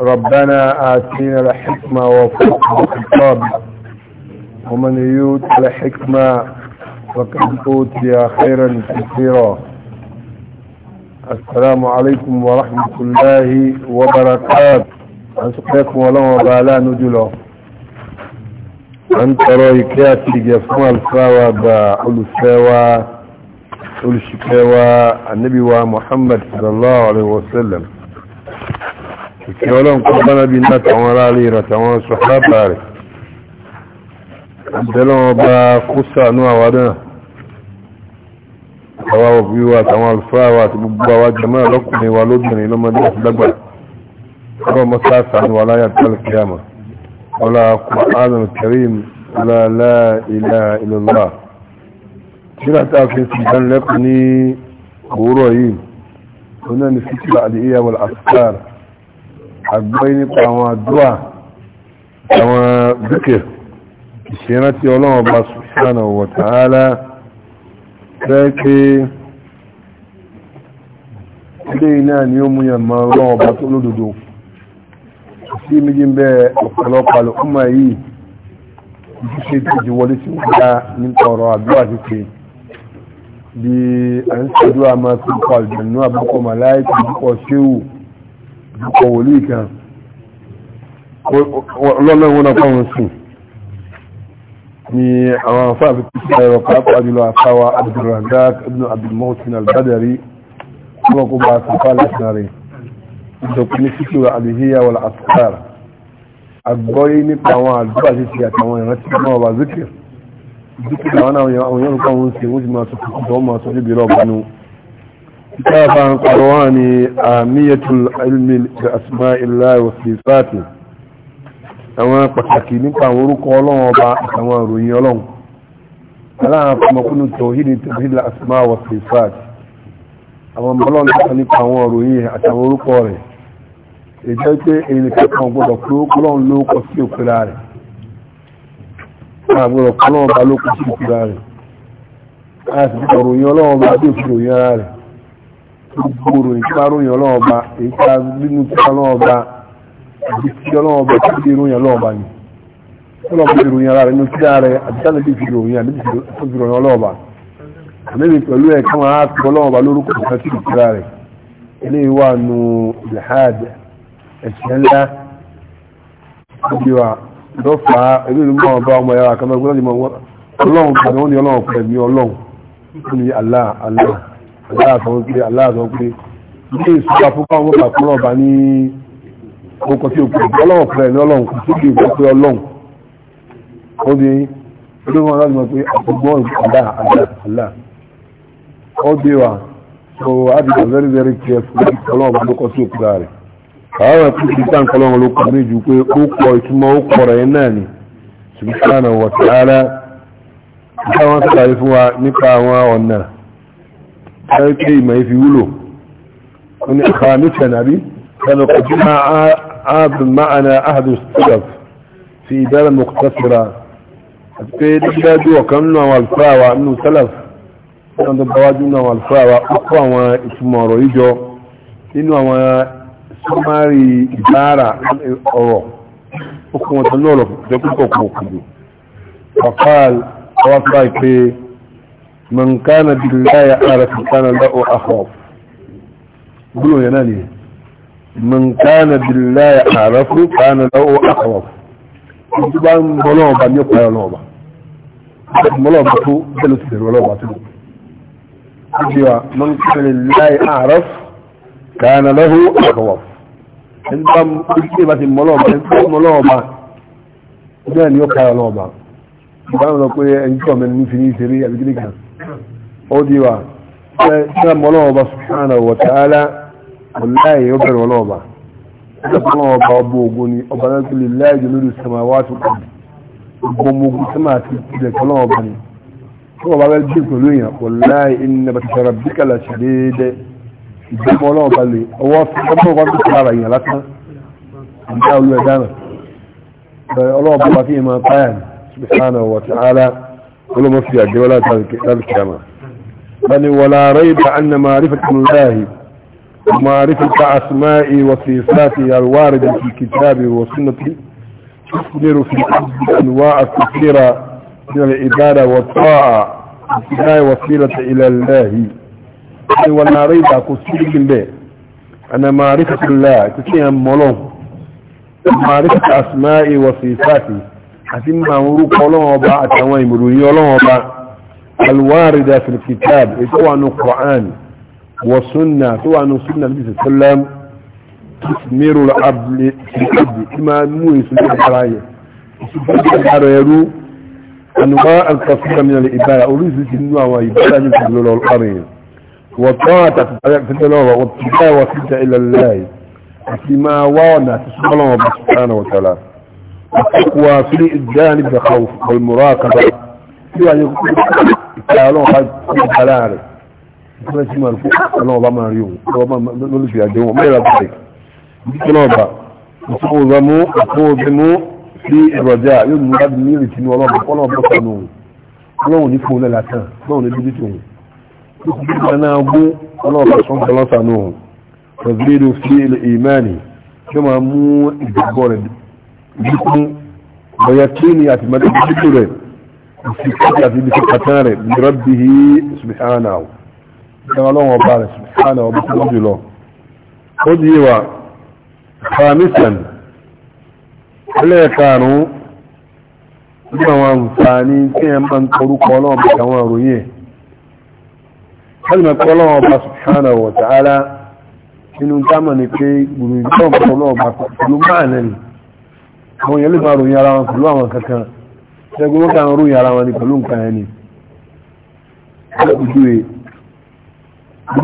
ربنا آتينا الحكمة وفق الخطاب ومن يوت الحكمة فقد أوتي خيرا كثيرا السلام عليكم ورحمة الله وبركاته أنسقكم ولو وبالا نجله أنت رأيكاتي جفما الفاوى أولو أولوشكاوى النبي ومحمد صلى الله عليه وسلم كيولون قبنا بنا تعمر علي رتعمر صحاب علي عبدالله با قصة نوع ودنا سواء بيوا تعمر فاوة ببوا وجمع لكم ولدني لما دي أصدقوا هو مساسا ولا يبتل القيامة ولا قرآن الكريم ولا لا إله إلا الله كلا تأفين سبحان لكني غروين هنا نفتي بعد إياه والأفكار àgbọ́yé nípa àwọn àdúrà àwọn dúkẹ̀ ìṣẹ́rántí ọlọ́run ọba subhanahu wa ta'ala rẹ́ pé ilé náà ni ó múyàn mọ́ ọlọ́run ọba tó lódodo sí méjì ń bẹ́ ọ̀pọ̀lọpọ̀ alùpùpù yìí ìṣe tó ti wọlé sí wọ́dá nípa ọ̀rọ̀ àdúrà títí bí ọkọ̀ wòlíì kan ọlọ́lọ́ wọn náà fáwọn sùn ni àwọn afá àfi pípí ẹ̀rọ pàápàá jùlọ àfáwa abdulradak ibn abdulmohsin albadari wọn kó bá àfáà lásán rẹ̀ ìjọpin ní fífi wa àdìhíyà wal àtúkàr àgbọ́yé nípa àwọn àdúrà títí àtàwọn ìrántí náà wà zikir zikir àwọn àwọn yẹn àwọn yẹn ń kọ́ wọn sí wọ́n sì máa sọ fún ọmọ àtọ́jú bí lọ́ọ̀bánú كتابا قرواني أهمية العلم بأسماء الله وصفاته àwọn pàtàkì nípa àwọn orúkọ ọlọ́run ọba àtàwọn ìròyìn ọlọ́run aláàrùn kọmọkúnnù tòhídì tòhídì asma wa sifat àwọn ọmọlọ́run nípa nípa àwọn ìròyìn àtàwọn orúkọ rẹ̀ èjẹ́ pé èyí kẹfàn gbọdọ̀ pé ọlọ́run ló kọ sí òkúra rẹ̀ àgbọdọ̀ ọlọ́run ọba ló kọ sí òkúra rẹ̀ a sì ti kọ̀ròyìn ọlọ́run ọba bí òfin ròyìn ara rẹ̀ gbogbo ìparun yàn lọ́wọ́ ba èyí tí a nínú tí a lọ́wọ́ ba àti tí a lọ́wọ́ ba tí a irun yàn lọ́wọ́ ba ni wọ́n lọ́wọ́ fi ròyìn ara rẹ̀ nínú tí a rẹ̀ àti tí a lè fi ròyìn àti tó fi ròyìn lọ́wọ́ ba àmì pẹ̀lú ẹ̀ káwọn á sọ lọ́wọ́ ba lórúkọ ìfẹ́ tí rẹ̀ eléyìí wà nù ilhad ẹ̀sẹ̀ ńlá ọdí wa lọ́fà ẹ̀rọ àkàndọ́ gbọ́dọ̀ ni aláàtọ̀ pé aláàtọ̀ pé ilé ìṣúra fún káwọn mọ́ta fún ọba ní ọkọ̀ tí òkú ọlọ́run fún ẹ̀ ní ọlọ́run kò síbi ìgbà pé ọlọ́run ó di olóhùn aláàtọ̀ pé àtọ̀gbọ́n àdá àdá àlá ó di wa so a ti been very very careful láti kọ́ ọlọ́run ló kọ́ sí òkú rẹ̀ àwọn ẹ̀kú ti dá nǹkan ọlọ́run ló kọ́ ní ìjú pé ó kọ ìtumọ̀ ó kọ̀ rẹ̀ náà ni subhanahu wa ta'ala ìjọba wọn sàlàyé fún wa nípa àwọn ọ̀nà ẹ̀kẹ́ ìmọ̀ ìfi wúlò wọn ni àkàrà mẹ́tẹ̀ nàbí كان قد جمع عاد معنا أحد السلف في إدارة مقتصرة فقيل إلا دو كأنه والفاوة أنه سلف كان دواجنا والفاوة أقوى وإسمه رويجو إنه سماري إدارة أورو أقوى تنورو تقول أقوى فقال وفاوة من كان بالله يعرف كان له أخاف قولوا يا ناني من كان بالله يعرف كان له أخاف طبعا ملوبة يقع ملوبة ملوبة بلو تدير ملوبة من كان بالله يعرف كان له أخوف انتم اجيبة ملوبة انتم ملوبة جان يقع ملوبة طبعا لو كنت انتم من نفسي سريع بجريكا odiwa ṣe mọ́lọ́wọ́ba subhanahu wa ta'ala wallahi yóò bẹ̀rẹ̀ mọ́lọ́wọ́ba ṣe mọ́lọ́wọ́ba ọba ogun ni ọba náà kúlẹ̀ láì jẹ́ lórí samawa tó kù gbogbo ogun tó máa ti ilẹ̀ kọlọ́wọ́ba ni tó wọ́n bá bẹ́ jẹ́ pẹ̀lú èèyàn wallahi inna bá ti sọ̀rọ̀ bí kàlà ṣàdéédé ìgbé بل ولا ريب أن معرفة الله ومعرفة أسمائه وصفاته الواردة في كتابه وسنته تثمر في أنواع كثيرة من العبادة والطاعة ابتداء وسيلة إلى الله بل ولا ريب كثير من به أن معرفة الله كثير ملوم معرفة أسمائه وصفاته حتى ما أمرك الله وبعث وإمرني الله وبعث الواردة في الكتاب سواء القرآن والسنة سواء السنة النبي صلى الله عليه وسلم تثمر العبد العبد كما مويس الحراية سبحانه الحريرو أنواع الكثير من الإبادة أوليس الجنوة وإبادة الله القرية وطاعة في الله والتقاء وفيت إلى الله فيما وانا تسمى الله سبحانه وتعالى وفي الجانب الخوف والمراقبة يعني ẹ̀ ọlọ́run ká kọ́ ara rẹ̀ ìfẹ́ sí máa fún ọlọ́run bá máa rí òun ọlọ́run bá lórí fi àjẹwọ̀n mẹ́rin àgbẹ̀ ìdíkẹ́ náà bá ìfowópamọ́ ìfowópamọ́ sí ìrọ̀jà yóò mú láti ní ìrètí ní ọlọ́run ọlọ́run bọ́ sọ̀nù òun ọlọ́run ní fún lẹ́la tán ọlọ́run ní dídí tòun ìfowópamọ́ náà gbó ọlọ́run bá sọ̀nù ọlọ́run sànù òun tọ̀sílẹ̀dọ̀ sí ìmáàni tí wọ́n máa mú ìgbàgbọ́ rẹ̀ dínkù bọ̀yà kí ni àtìmọ́lẹ́ في قبلة في قتال لربه سبحانه كما لهم وبارك سبحانه وبسرد خذ خامسا هل كانوا nígbà wọn àǹfààní tí ẹ máa ń torúkọ ọlọ́wọ́ bí àwọn àròyìn kálùmọ̀ pé ọlọ́wọ́ bá subhanahu wa ta'ala nínú dámà ní pé gbùrù ìjọ́ ọ̀pọ̀ ọlọ́wọ́ bá pẹ̀lú máà nẹ́ni àwọn èèyàn ròyìn ara wọn pẹ̀lú àwọn kankan ṣẹ́gun wọ́n kàn ròyìn ara wọn ni pẹ̀lú nǹkan ẹni lọ́kùnjú rẹ̀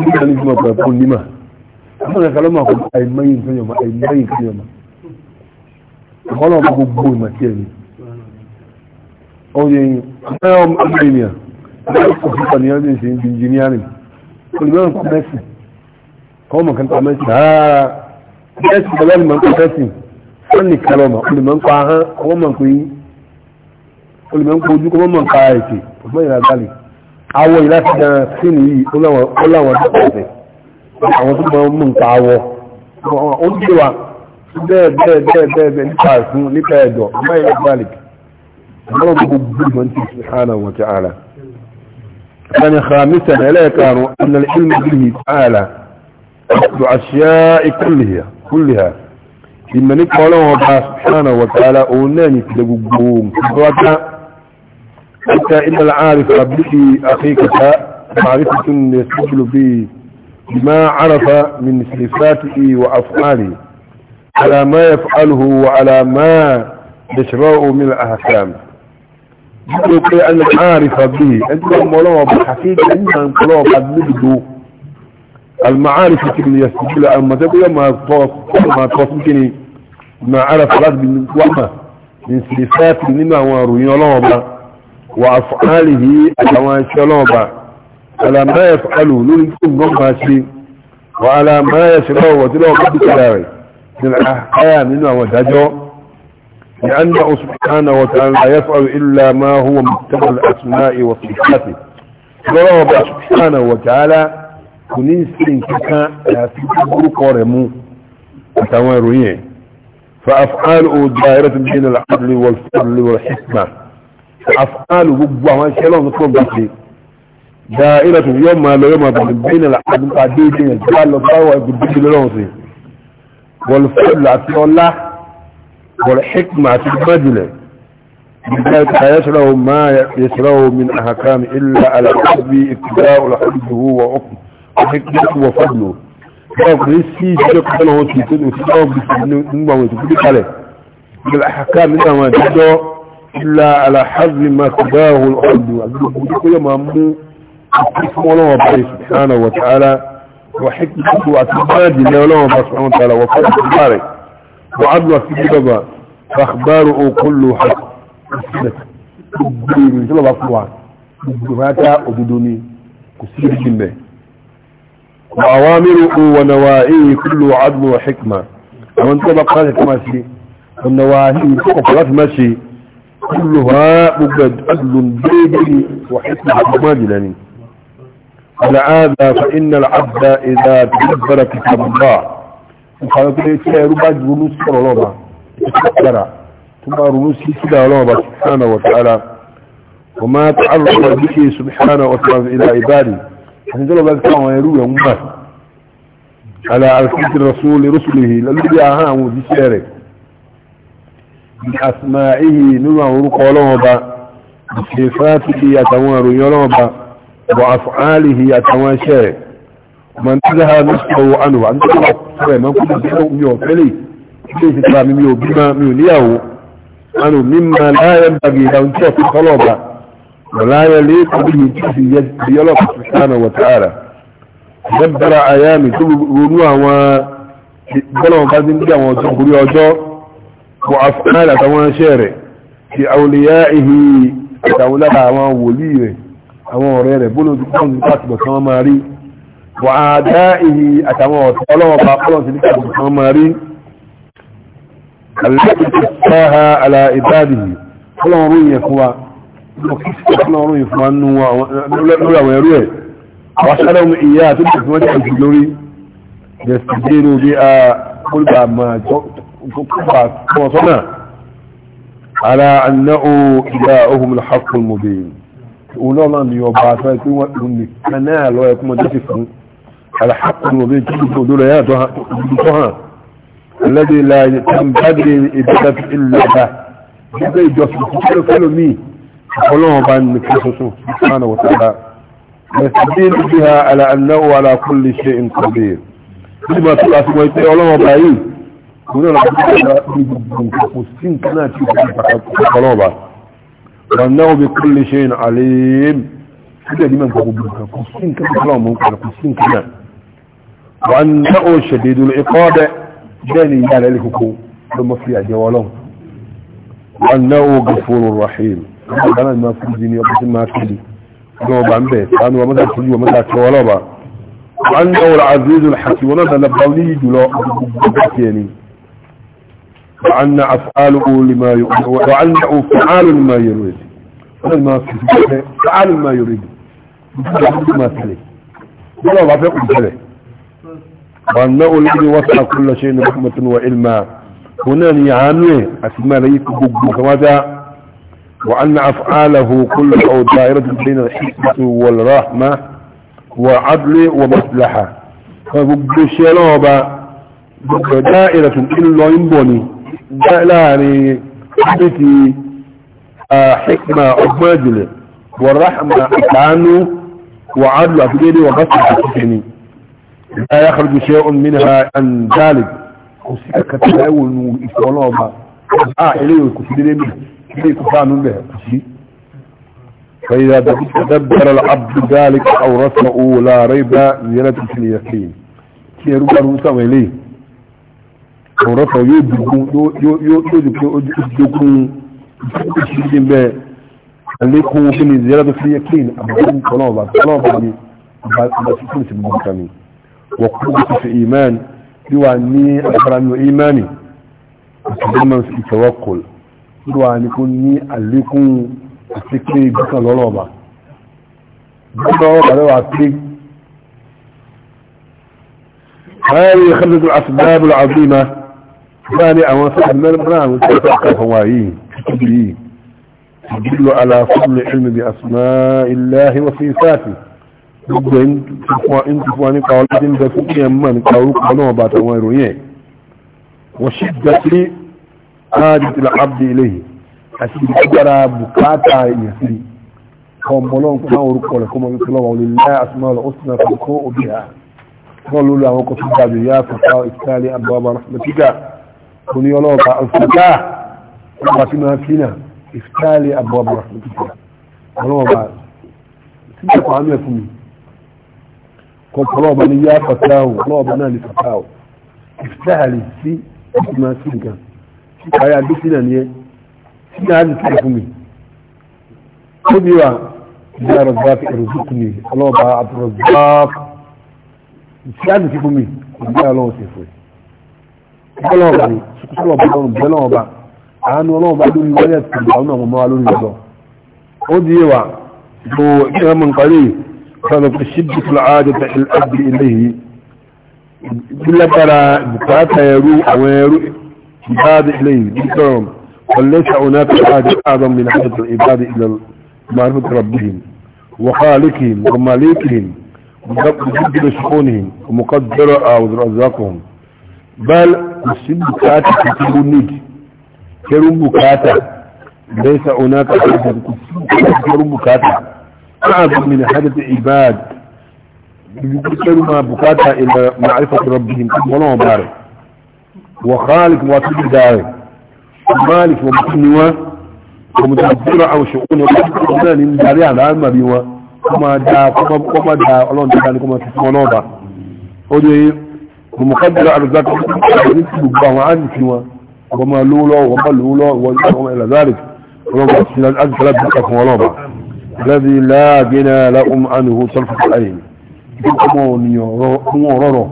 bí wọ́n ní fún ọ̀pọ̀ fún nímà àwọn ọ̀nà kalọ́mà kò àìmọ́yìn tó yọ̀mọ́ àìmọ́yìn tó yọ̀mọ́ ọ̀pọ̀lọ́ ọ̀pọ̀ gbogbo ìmọ̀ sí ẹni ọ̀yẹ̀ ọ̀pẹ́ ọmọ ènìyàn lọ́kùn fún pàníyàn ní ṣe engineering olùmọ̀ràn kọ́ mẹ́sì kọ́ mọ̀ kan kọ́ mẹ́sì rárá mẹ́sì bọ́lá ni mọ̀ ń kọ́ mẹ́sì fún ní kalọ́mà olùmọ̀ ń kọ́ mọ̀ ń kọ́ yìí olùmọ̀ ń kó ojú kó mọ́ nǹka ètè ọgbọ́n ìlà gálì awọ ìlà ti dàn sínú yìí ó láwọn tó pọ̀ àwọn tó mọ̀ mọ́ nǹka awọ ó ń dé wa bẹ́ẹ̀ bẹ́ẹ̀ bẹ́ẹ̀ bẹ́ẹ̀ bẹ́ẹ̀ nípa ẹ̀fún nípa ẹ̀dọ̀ ọgbọ́n ìlà gálì ọgbọ́n gbogbo gbogbo ti subhanahu wa ta'ala كان خامسا لا كانوا أن العلم به تعالى بأشياء كلها كلها ìmọ̀ nípa ọlọ́run ọba ṣánà wọ̀tàlá òun náà ní ìpìlẹ̀ gbogbo حتى إن العارف به أخيك معرفة يسجل به بما عرف من صفاته وأفعاله على ما يفعله وعلى ما يشرعه من الأحكام يقول أن العارف به أنت مولوه بحقيقة أنت مولوه بحقيقة المعارف اللي يسجل أما تقول ما توصفني ما عرف رد من وما من صفات لما هو الله وأفعاله أتوان شلوبا على ما يفعله لنكم نماشي وعلى ما يشرعه وتلوه قد كلاوي من الأحكام منه وتجو لأنه سبحانه وتعالى يفعل إلا ما هو مكتب الأسماء وصفاته ضرب سبحانه وتعالى كنين كتا لا تكبر قرمو أتوان رؤيه فأفعاله دائرة بين العدل والفضل والحكمة àfáàlù gbogbo àwọn iṣẹ́ lọ́nà tó gbà ṣe da ilẹ̀ tó yọ máa lọ yọ máa bàbá bẹ́ẹ̀ nà àdúgbò àdéhùn yẹn tó bá lọ báwọ̀ ìgbìdì lọ́rùn sí wọ̀lù fẹ́lù àti ọlá wọ̀lù hikma àti gbọ́dìlẹ̀ nígbà ìta yẹ́sọ̀rọ̀ o máa yẹ́sọ̀rọ̀ o min àhàkàm ilẹ̀ alákàbí ìkúdá olùhàdùwò wọ ọkùnrin wọ fọ́dùlù báwọn kò ní sí ìjọ kọ́nà wọn tó tó tó tó tó tó tó tó tó tó tó tó tó إلا على حظ ما سداه الأرض يقول ما مو حكم الله سبحانه وتعالى وحكمته وأتباد الله سبحانه وتعالى وقال أخباره وعدل في بابا فاخباره كل حق أسلت من جلب أصوات مجرماتا أبدوني كسير جنبه وأوامره ونوائيه كل عدل وحكمة ومن طبق هذا كما سي والنواهي فقط لا تمشي كلها مجد أدل بيدي وحسن على هذا فإن العبد إذا تكبر كتاب الله وقال لك يا رباج رنوس كرا لوبا تكبر ثم رنوس كرا لوبا سبحانه وتعالى وما تعرض به سبحانه وتعالى إلى عبادي فنزل الله كما يروي أمه على الكتب الرسول لرسله للذي أهام بسيرك asma'ihi nínú àwọn orúkọ ọlọ́wọ́ ba ìṣẹ́fàtìkì àtàwọn àròyìn ọlọ́wọ́ ba wà àfààlìhì àtàwọn iṣẹ́ man tí ha ní sọ̀rọ̀ ànù wà nítorí wà fẹ́rẹ̀ mọ́ kúrò sí mi ò fẹ́lẹ̀ ilé ìṣẹ́ tàbí mi ò bímọ mi ò níyàwó ànù mímọ láyé bàgì ìdáhùn tí ọ̀fẹ́ kọ́lọ̀ ba wà láyé lé kọ́bíyì tí sì yẹ ìyọ́lọ̀ sùsánà wà tààrà dẹ́bẹ̀rẹ̀ àyà mi وأفعال تمام شارع لأوليائه تولها أمام وليه أمام ريره بلو تكون تكتب سماري وعدائه أتمام وطلوا باقلوا تكتب سماري التي تفتاها على عباده كل مرون يكوى وكيف كل مرون يفوى أنه نولا ويروه وأسألهم إياه تبقى في مجال الجلوري يستدينوا بها قلبها ما جوت وصنع على أنه إلههم الحق المبين أولا أن يبعثوا يكون كنال ويكون مدفف على حق المبين يا دولياتها الذي لا يتم تنبغي إبادة إلا به هذا يجسف كل كلمي يقولون بأن كيسوس سبحانه وتعالى يستدين بها على أنه على كل شيء قدير لما تقاسم ويتعلم بأيه òun náà lọ́pọ̀ nígbà ní gbogbo nǹkan kò sí nǹkan náà tí ó fi pàtàkì ọba wọn náà bí kúrò lè ṣe ìnà àlèyìn síbẹ̀ ní mẹ́gbà gbogbo nǹkan kò sí nǹkan náà kọ́lọ̀ mọ́ nǹkan kò sí nǹkan náà wọn náà ó ṣẹ̀dẹ̀ ìdúró ikọ́ bẹ́ bẹ́ẹ̀ ni ìyá rẹ̀ lè kókó ló mọ́ fi àjẹ wọn lọ́n wọn náà ó gafuru rahim àwọn ọ̀gá náà máa fún ní ọba tí máa kéde ọba ọba ń bẹ̀ sánú ọmọ náà tójú ọmọ náà tọwọ́ lọ́ba wọn náà ó وعنا أفعاله لما يؤمن وعنا أفعال ما يريد وعنا أفعال ما يريد وعنا ما تلي ولا ضعفه تلي وعنا أولي وصع كل شيء رحمة وعلما هنا يعانوه أسمى ليك ماذا وعنا أفعاله كل أو دائرة بين الحكمة والرحمة وعدل ومصلحة فبقوا الشيء لهم دائرة إلا ينبني جعلاني حبتي آه، حكمة أفاجلة والرحمة أتعانو وعدل أفجيري وغسل أفجيني لا يخرج شيء منها عن ذلك وسيكا كتبعو أنه إسوالله با أبقى آه، إليه وكتبيني منه كيف كفان منه فإذا تدبر العبد ذلك أو رسمه لا ريب يلتك اليقين كي يروح الرسام إليه ọ̀rọ̀ kan yóò dùnkún yóò dùnkún ìṣẹ́jú bẹ́ẹ̀ àlékún kí ni ziyara tó fi yẹ kí ni àbúrò kọlọ́ọ̀bà kọlọ́ọ̀bà ni àbá tí kí ni ti gbọ́n kan ni wọ́n kú bí fi ìmán bí wà ní àgbára nínú ìmánì àti gbọ́n sí ìtawakul bí wà ní kún ní àlékún àti kí ni gbọ́n lọ́lọ́ọ̀bà gbọ́n lọ́wọ́ bàbá wà pé هذه خلت الأسباب العظيمة láàrin àwọn sọ́dún brown tó sọ́kà fún wa yìí tóbi yìí ìdílò aláfọ́lù ilmi bí asùnmá iláhí wa sí sáàtì gbogbo in ti fún wa nípa ọlọ́dún ń bẹ fún kí ẹn mọ̀ nípa orúkọ náà bá tàwọn ìròyìn ẹ̀ wọ́n sì gbà sí áàdìtì abdi iléyìí àti ìgbàgbára bukata ìyẹ̀sí ọmọ náà kọ́ máa àwọn kọ́sí gbàgbé yá fọ́fá ìsìkálẹ̀ àbúrò rahmatika oní ọlọ́ọ̀bá ọ̀fẹ́ká ọba tí máa fínà ìfitáàlì àbúrọ̀bà ọ̀fẹ́ká ọlọ́ọ̀bá tí kò kọ́ àmì ẹ̀fún mi kọ̀ọ̀kọ̀ ọlọ́ọ̀bá ní yá fàtáwò ọlọ́ọ̀bá náà ní fàtáwò ìfitáàlì sí ìfì máa sí nǹkan tí káyà bí sínà ní ẹ tí náà ní sí ẹ̀fún mi ó bí wa ìyá rọ̀bá fi bọ́lọ́ọ̀bà ni sọ́kọ́sọ́lọ́ọ̀bà bọ́lọ́ọ̀bà àánú ọlọ́ọ̀bà lórí wọlé ẹ̀sìn àwọn ọmọ ọmọ wa lórí ìjọ ó di yé wa bó ìjọba mọ̀ nǹkan rí sọ́dọ̀ pé ṣíbi tó láàájọ tẹ ẹ̀lẹ́gbẹ̀ ilé yìí bílágbára bùkátà ẹrú àwọn ẹrú ìbáàdì ilé yìí bí sọ̀rọ̀ ọ̀lẹ́sà onáta àjọ àdọ̀ mi náà tó ìbáàdì ilẹ̀ معرفة ربهم وخالقهم ومالكهم ومقدر شؤونهم ومقدر أو رزاقهم بل kò sí bùkátà tuntun ló nídìí kẹrù bùkátà bẹ́ẹ̀ sa ọ̀nà kàkà kò sí kẹrù bùkátà أعظم من حدث عباد يذكروا ما بكاتا إلى معرفة ربهم ولا مبارك وخالق واسد داري مالك ومكنوا ومتدبر أو شؤون ومتدبران مداري على عالم بيوا وما دا وما دا ولون دا كما تسمونوبا ودي ومقدر على ذلك يكتب الله عنه سوى وما لولا وما لولا وما إلى ذلك ربما سنة الأجل ثلاث بكف وربا الذي لا جنا لهم عنه صرف العين يقومون يورو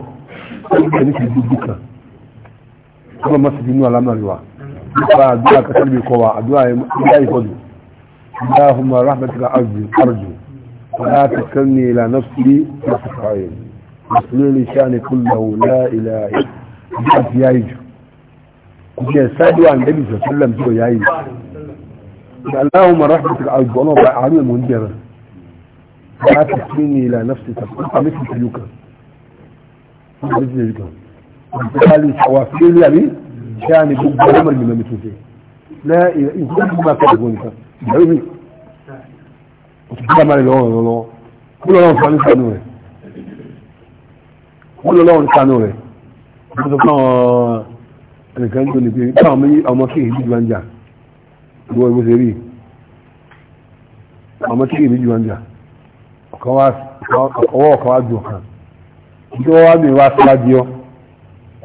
يكتب بك كما ما سجنوا على مريوا فأدعاء كتلبي قوى أدعاء يقضي اللهم رحمتك أرجو أرجو فلا تكلني إلى نفسي نفس العين مسلول شان كله لا إله إلا يعيج كي سادوا عن النبي صلى الله عليه وسلم سوى يعيج اللهم رحمة العرض والله عالم المنجرة لا تحميني إلى نفسي تبقى مثل تلوكا مثل تلوكا وانتقالي شوافير يعني شان بقى عمر من ممتوزين لا إن كل ما كتبونك جميل وتبقى مالي لون لون كل لون فعلي فعلوه wọ́n lọ lọ́wọ́ nìkanú rẹ̀ wọ́n sọ fún àwọn ẹnìkan tó nìkan nípa àwọn méjì ọmọ kí èyí jùlọ ń jà ìwọ ìwọ ṣe rí ọmọ kí èyí jùlọ ń jà ọwọ́ ọ̀kan wá ju ọ̀kan kí wọ́n wá bìí wá síwájú ọ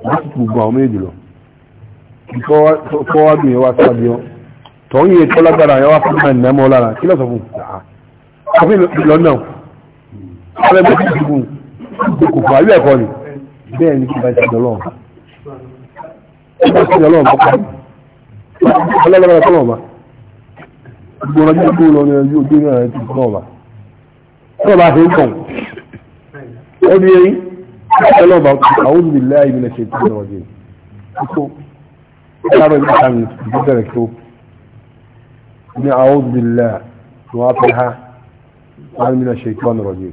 wọ́n sì gbogbo àwọn méjì lọ kí wọ́n wá bìí wá síwájú ọ tọ́hún yìí tó lágbára yẹn wá fún ẹ̀nà mọ́ lára kí lọ́sọ̀ fún un ọ̀fìn lọ́nà ọ̀rẹ́ mẹ́tì ìdìbò kò fà yú ẹ̀kọ́ ni bẹ́ẹ̀ ni kí n bá ti dọ̀lọ́ kí n bá ti dọ̀lọ́ ọ̀bọ̀ kan ọlọ́lọ́lọ́ tó lọ́ọ̀bà gbọ́n ọjọ́ tó lọ ní ọjọ́ ojú náà ti kọ́ ọ̀bà tó lọ́ọ̀bà ti ń kàn ó di eyín ọlọ́ọ̀bà àwọn olùdílé ayé ilẹ̀ ṣe tó lọ́wọ́ jẹ́ kókó lábẹ́ ìgbà kan ìgbà bẹ̀rẹ̀ tó ní àwọn olùdílé wọn á fẹ́ ha wọn á ní ilẹ̀ ṣe tó lọ́wọ́ jẹ́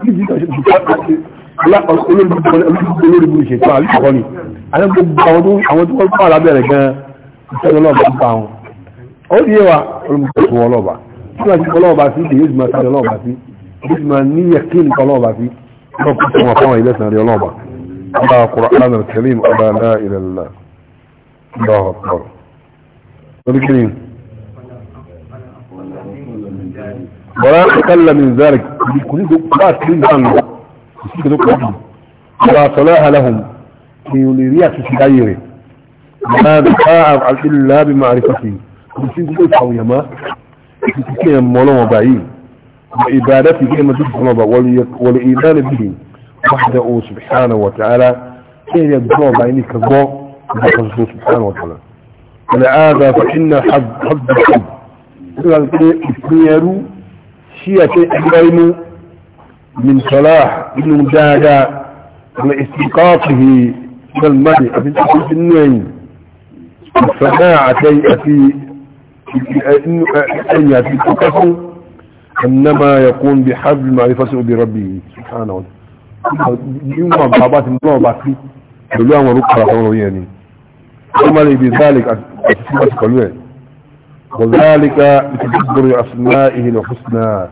olórí burú ṣe tán àlùkọ́ ni àwọn gbogbo àwọn tó wọ́n fún alábẹ̀rẹ̀ gan ìṣẹ́lẹ̀ ọlọ́ọ̀bá ń pa wọn ó ní ẹwà olùmọ̀tò fún ọlọ́ọ̀bá tí wọ́n ti fún ọlọ́ọ̀bá sí ìdè yóò máa sí ọlọ́ọ̀bá sí yóò máa ní yẹkí nǹkan ọlọ́ọ̀bá sí yóò kú fún ọkọ̀ ilé sàn rí ọlọ́ọ̀bá ọba Qur'an al-Karim ọba náà ilẹ̀ lọ́wọ́ ولا أقل من ذلك يكون قاتلين عنه ولا صلاح لهم في ليوليريات السعير ما على إلا بمعرفته يمكن كل قوية ما يمكن مولوما بعيد وإبادته كما تجد والإيمان به وحده سبحانه وتعالى كان يدعو بعيني كذبه وحده سبحانه وتعالى ولعاذا فإن حد حد الحب إلا الكيرو شيئة إبراهيم من صلاح ابن مجاهدة لاستيقاظه من المدي في أفن النعيم السماعة في أن يأتي التكفل إنما يكون بحب المعرفة بربه سبحانه وتعالى يوم بابات الله بعثي بلوان ورقة يعني عمل بذلك أتسمى تكلوين وذلك بتدبر أسمائه الحسنى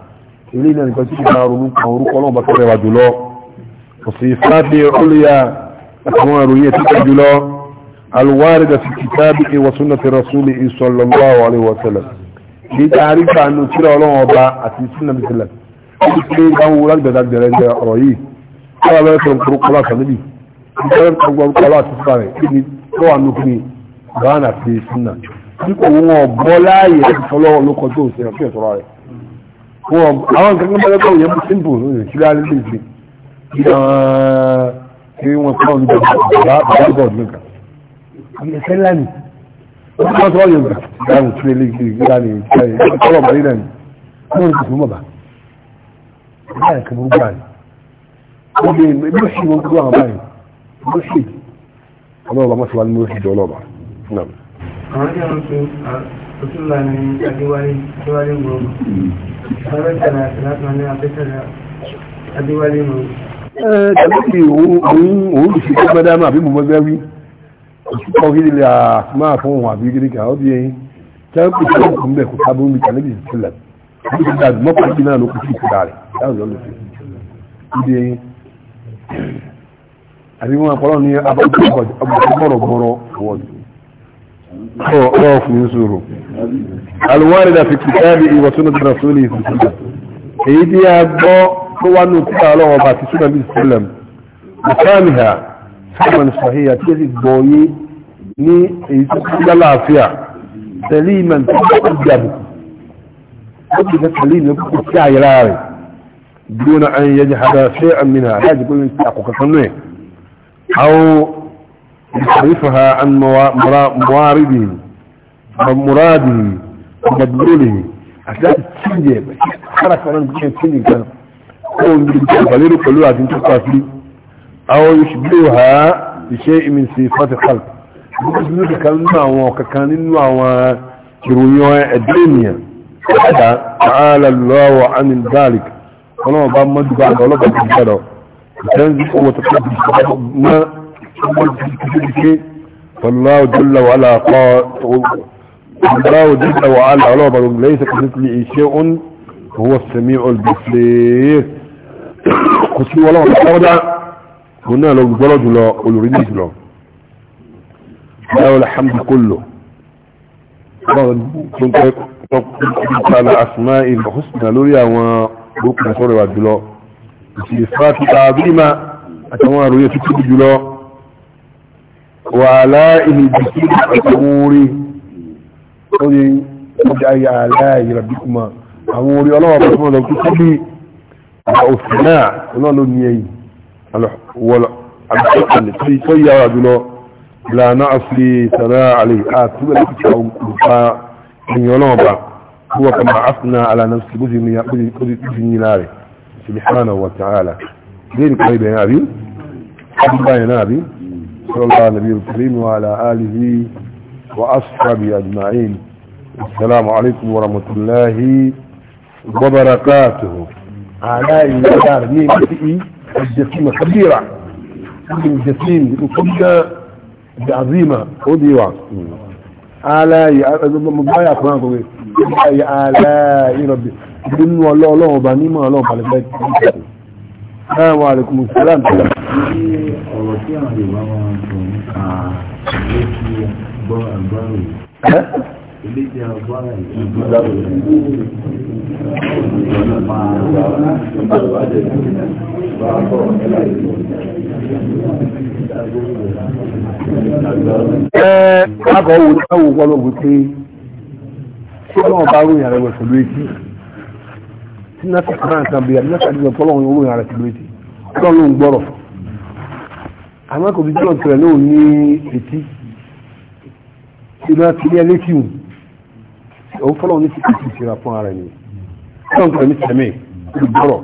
إلينا نكتب ربك ورك الله بكر وجلو وصفاته العليا أسماء رؤيتك جلو الواردة في كتابه وسنة رسوله صلى الله عليه وسلم لتعرف أن نترى الله وضع أتيسنا مثلا أتيسنا أولا بدك درجة رأيه قال لا يترك رقلا فنبي قال لا يترك رقلا تسقاني إذن روح báànà fi súnà tí kò wọ́n gbọ́ láàyè láti fọlọ́wọ́ ló kọjú òsìn àti ẹ̀sọ́ra rẹ̀ wọ́n àwọn nǹkan kan bẹ́ẹ̀ bẹ́ẹ̀ yẹn mú simple ló lè kílá lè lè fi kí kí wọ́n tọ́ ní bàbá bọ́ọ̀dù nìkan ẹsẹ̀ ńlá ni wọ́n tọ́ tọ́ yóò gbà láàrín tí lè lè kílá ní ìtọ́lọ̀ bàrí náà ni wọ́n ti fún bàbá ìyá ẹ̀kẹ́ jọ ọlọ́ọ̀bà àwọn jẹ́ wọn pé òtúlá ní adéwálé adéwálé mọ̀ọ́mù abẹ́tẹ̀lẹ̀ àtìlátìmọ́ ní abẹ́tẹ̀lẹ̀ adéwálé mọ̀ọ́mù. ẹ tàbí kí òun òun lè fi kó bá dáná àbí mọ̀mọ́ bẹ́ẹ̀ wí òtúkọ̀ kí lè máa fún òun àbí kí nìkan ó bí ẹyin tẹ́lẹ̀ kò tó kún bẹ́ẹ̀ kò sábà ń bí kàlẹ́ bí ìtìlẹ̀ bí kò dáa mọ́ pàtí náà ló kù sí ìkúdà rẹ̀ láwùjọ ló fi ó bí ẹyin àbí wọn àpọ̀lọ́ ní abọ́gbọ̀rọ̀ gbọ́rọ̀ wọ́ọ̀dù خوف يسوره الواردة في كتابه وسنة رسوله صلى الله عليه وسلم ايدي ابو هو انه تعالى وباتي سنة بي سلم مكانها سلما صحية تيزي بوي ni èyí tó kí lálàáfíà tẹ̀lé ìmọ̀ tó kí ìjàbù ó ti fẹ́ tẹ̀lé ìmọ̀ kò sí àyíra rẹ̀ dúró na ayẹyẹ jẹ́ hada ṣé àmìnà aláàjẹ́ pé ó ń ta àkọ́kọ́ kan náà يصرفها عن موارده ومرادهم ومدلولهم أسلاك تسنجي حرف أنا بجي تسنجي كان قوم بالجبالير قلوها تنتقى أو يشبهها بشيء من صفات الخلق بس نوك كلمة وككان إنه وكرونيوها الدنيا هذا تعالى الله عن ذلك ولو بام مدبع ولو بام مدبع تنزل وتقدم ما فالله جل وعلا قال الله جل وعلا ربهم ليس كمثله شيء هو السميع البصير قصي ولا ولا هنا لو جلد ولا ولريد له له الحمد كله كنت على أسماء الحسنى لوريا وبكنا سوري وعدلو صفات عظيمة أتوان رؤية تكتب جلو وعلائه بكير أموري قولي أجعي علاء ربكما أموري الله ربكما لو تسبي الأثناء الله لنيي والحسن في صيّا رجل لا نعصي ثناء عليه آتوا لك من يلوبا هو كما أثنى على نفسي بذني ناري سبحانه وتعالى ذلك قريب يا نبي حبا يا نبي صلى الله على نبي الكريم وعلى آله وأصحابه أجمعين السلام عليكم ورحمة الله وبركاته على الدار مين في الجسيمة كبيرة من جسيم بعظيمة وديوة على مبايع فرانكو على ربي إنه الله الله بني ما الله بني Assalamu alaikum salam tí ọ̀rọ̀ tí àwọn Yorùbá wọn sọ nípa ilé tí gbọ́ àgbáwò ilé tí àgbáwò ìgbàlódé ìjọba ìgbàlódé ìgbàlódé. Ẹ káàbọ̀ wo ni káwọn wọ́n lọ́wọ́ pé kí wọ́n bá ròyìn àrẹwẹ̀sọ̀ lójú tí nasa kan kan bí i nasa kan fọlọ́run yóò ròyìn ara ti lóye tí kọ́ ló ń gbọ́rọ̀ àmọ́ kò bí tí wọ́n tẹ̀lé náà ní etí ìlú àti ilé ẹlẹ́tì wù òun fọlọ́run ní títí ìṣẹ̀ra fún ara ẹni kọ́ ń tẹ̀lé tẹ̀mí ìgbọ́rọ̀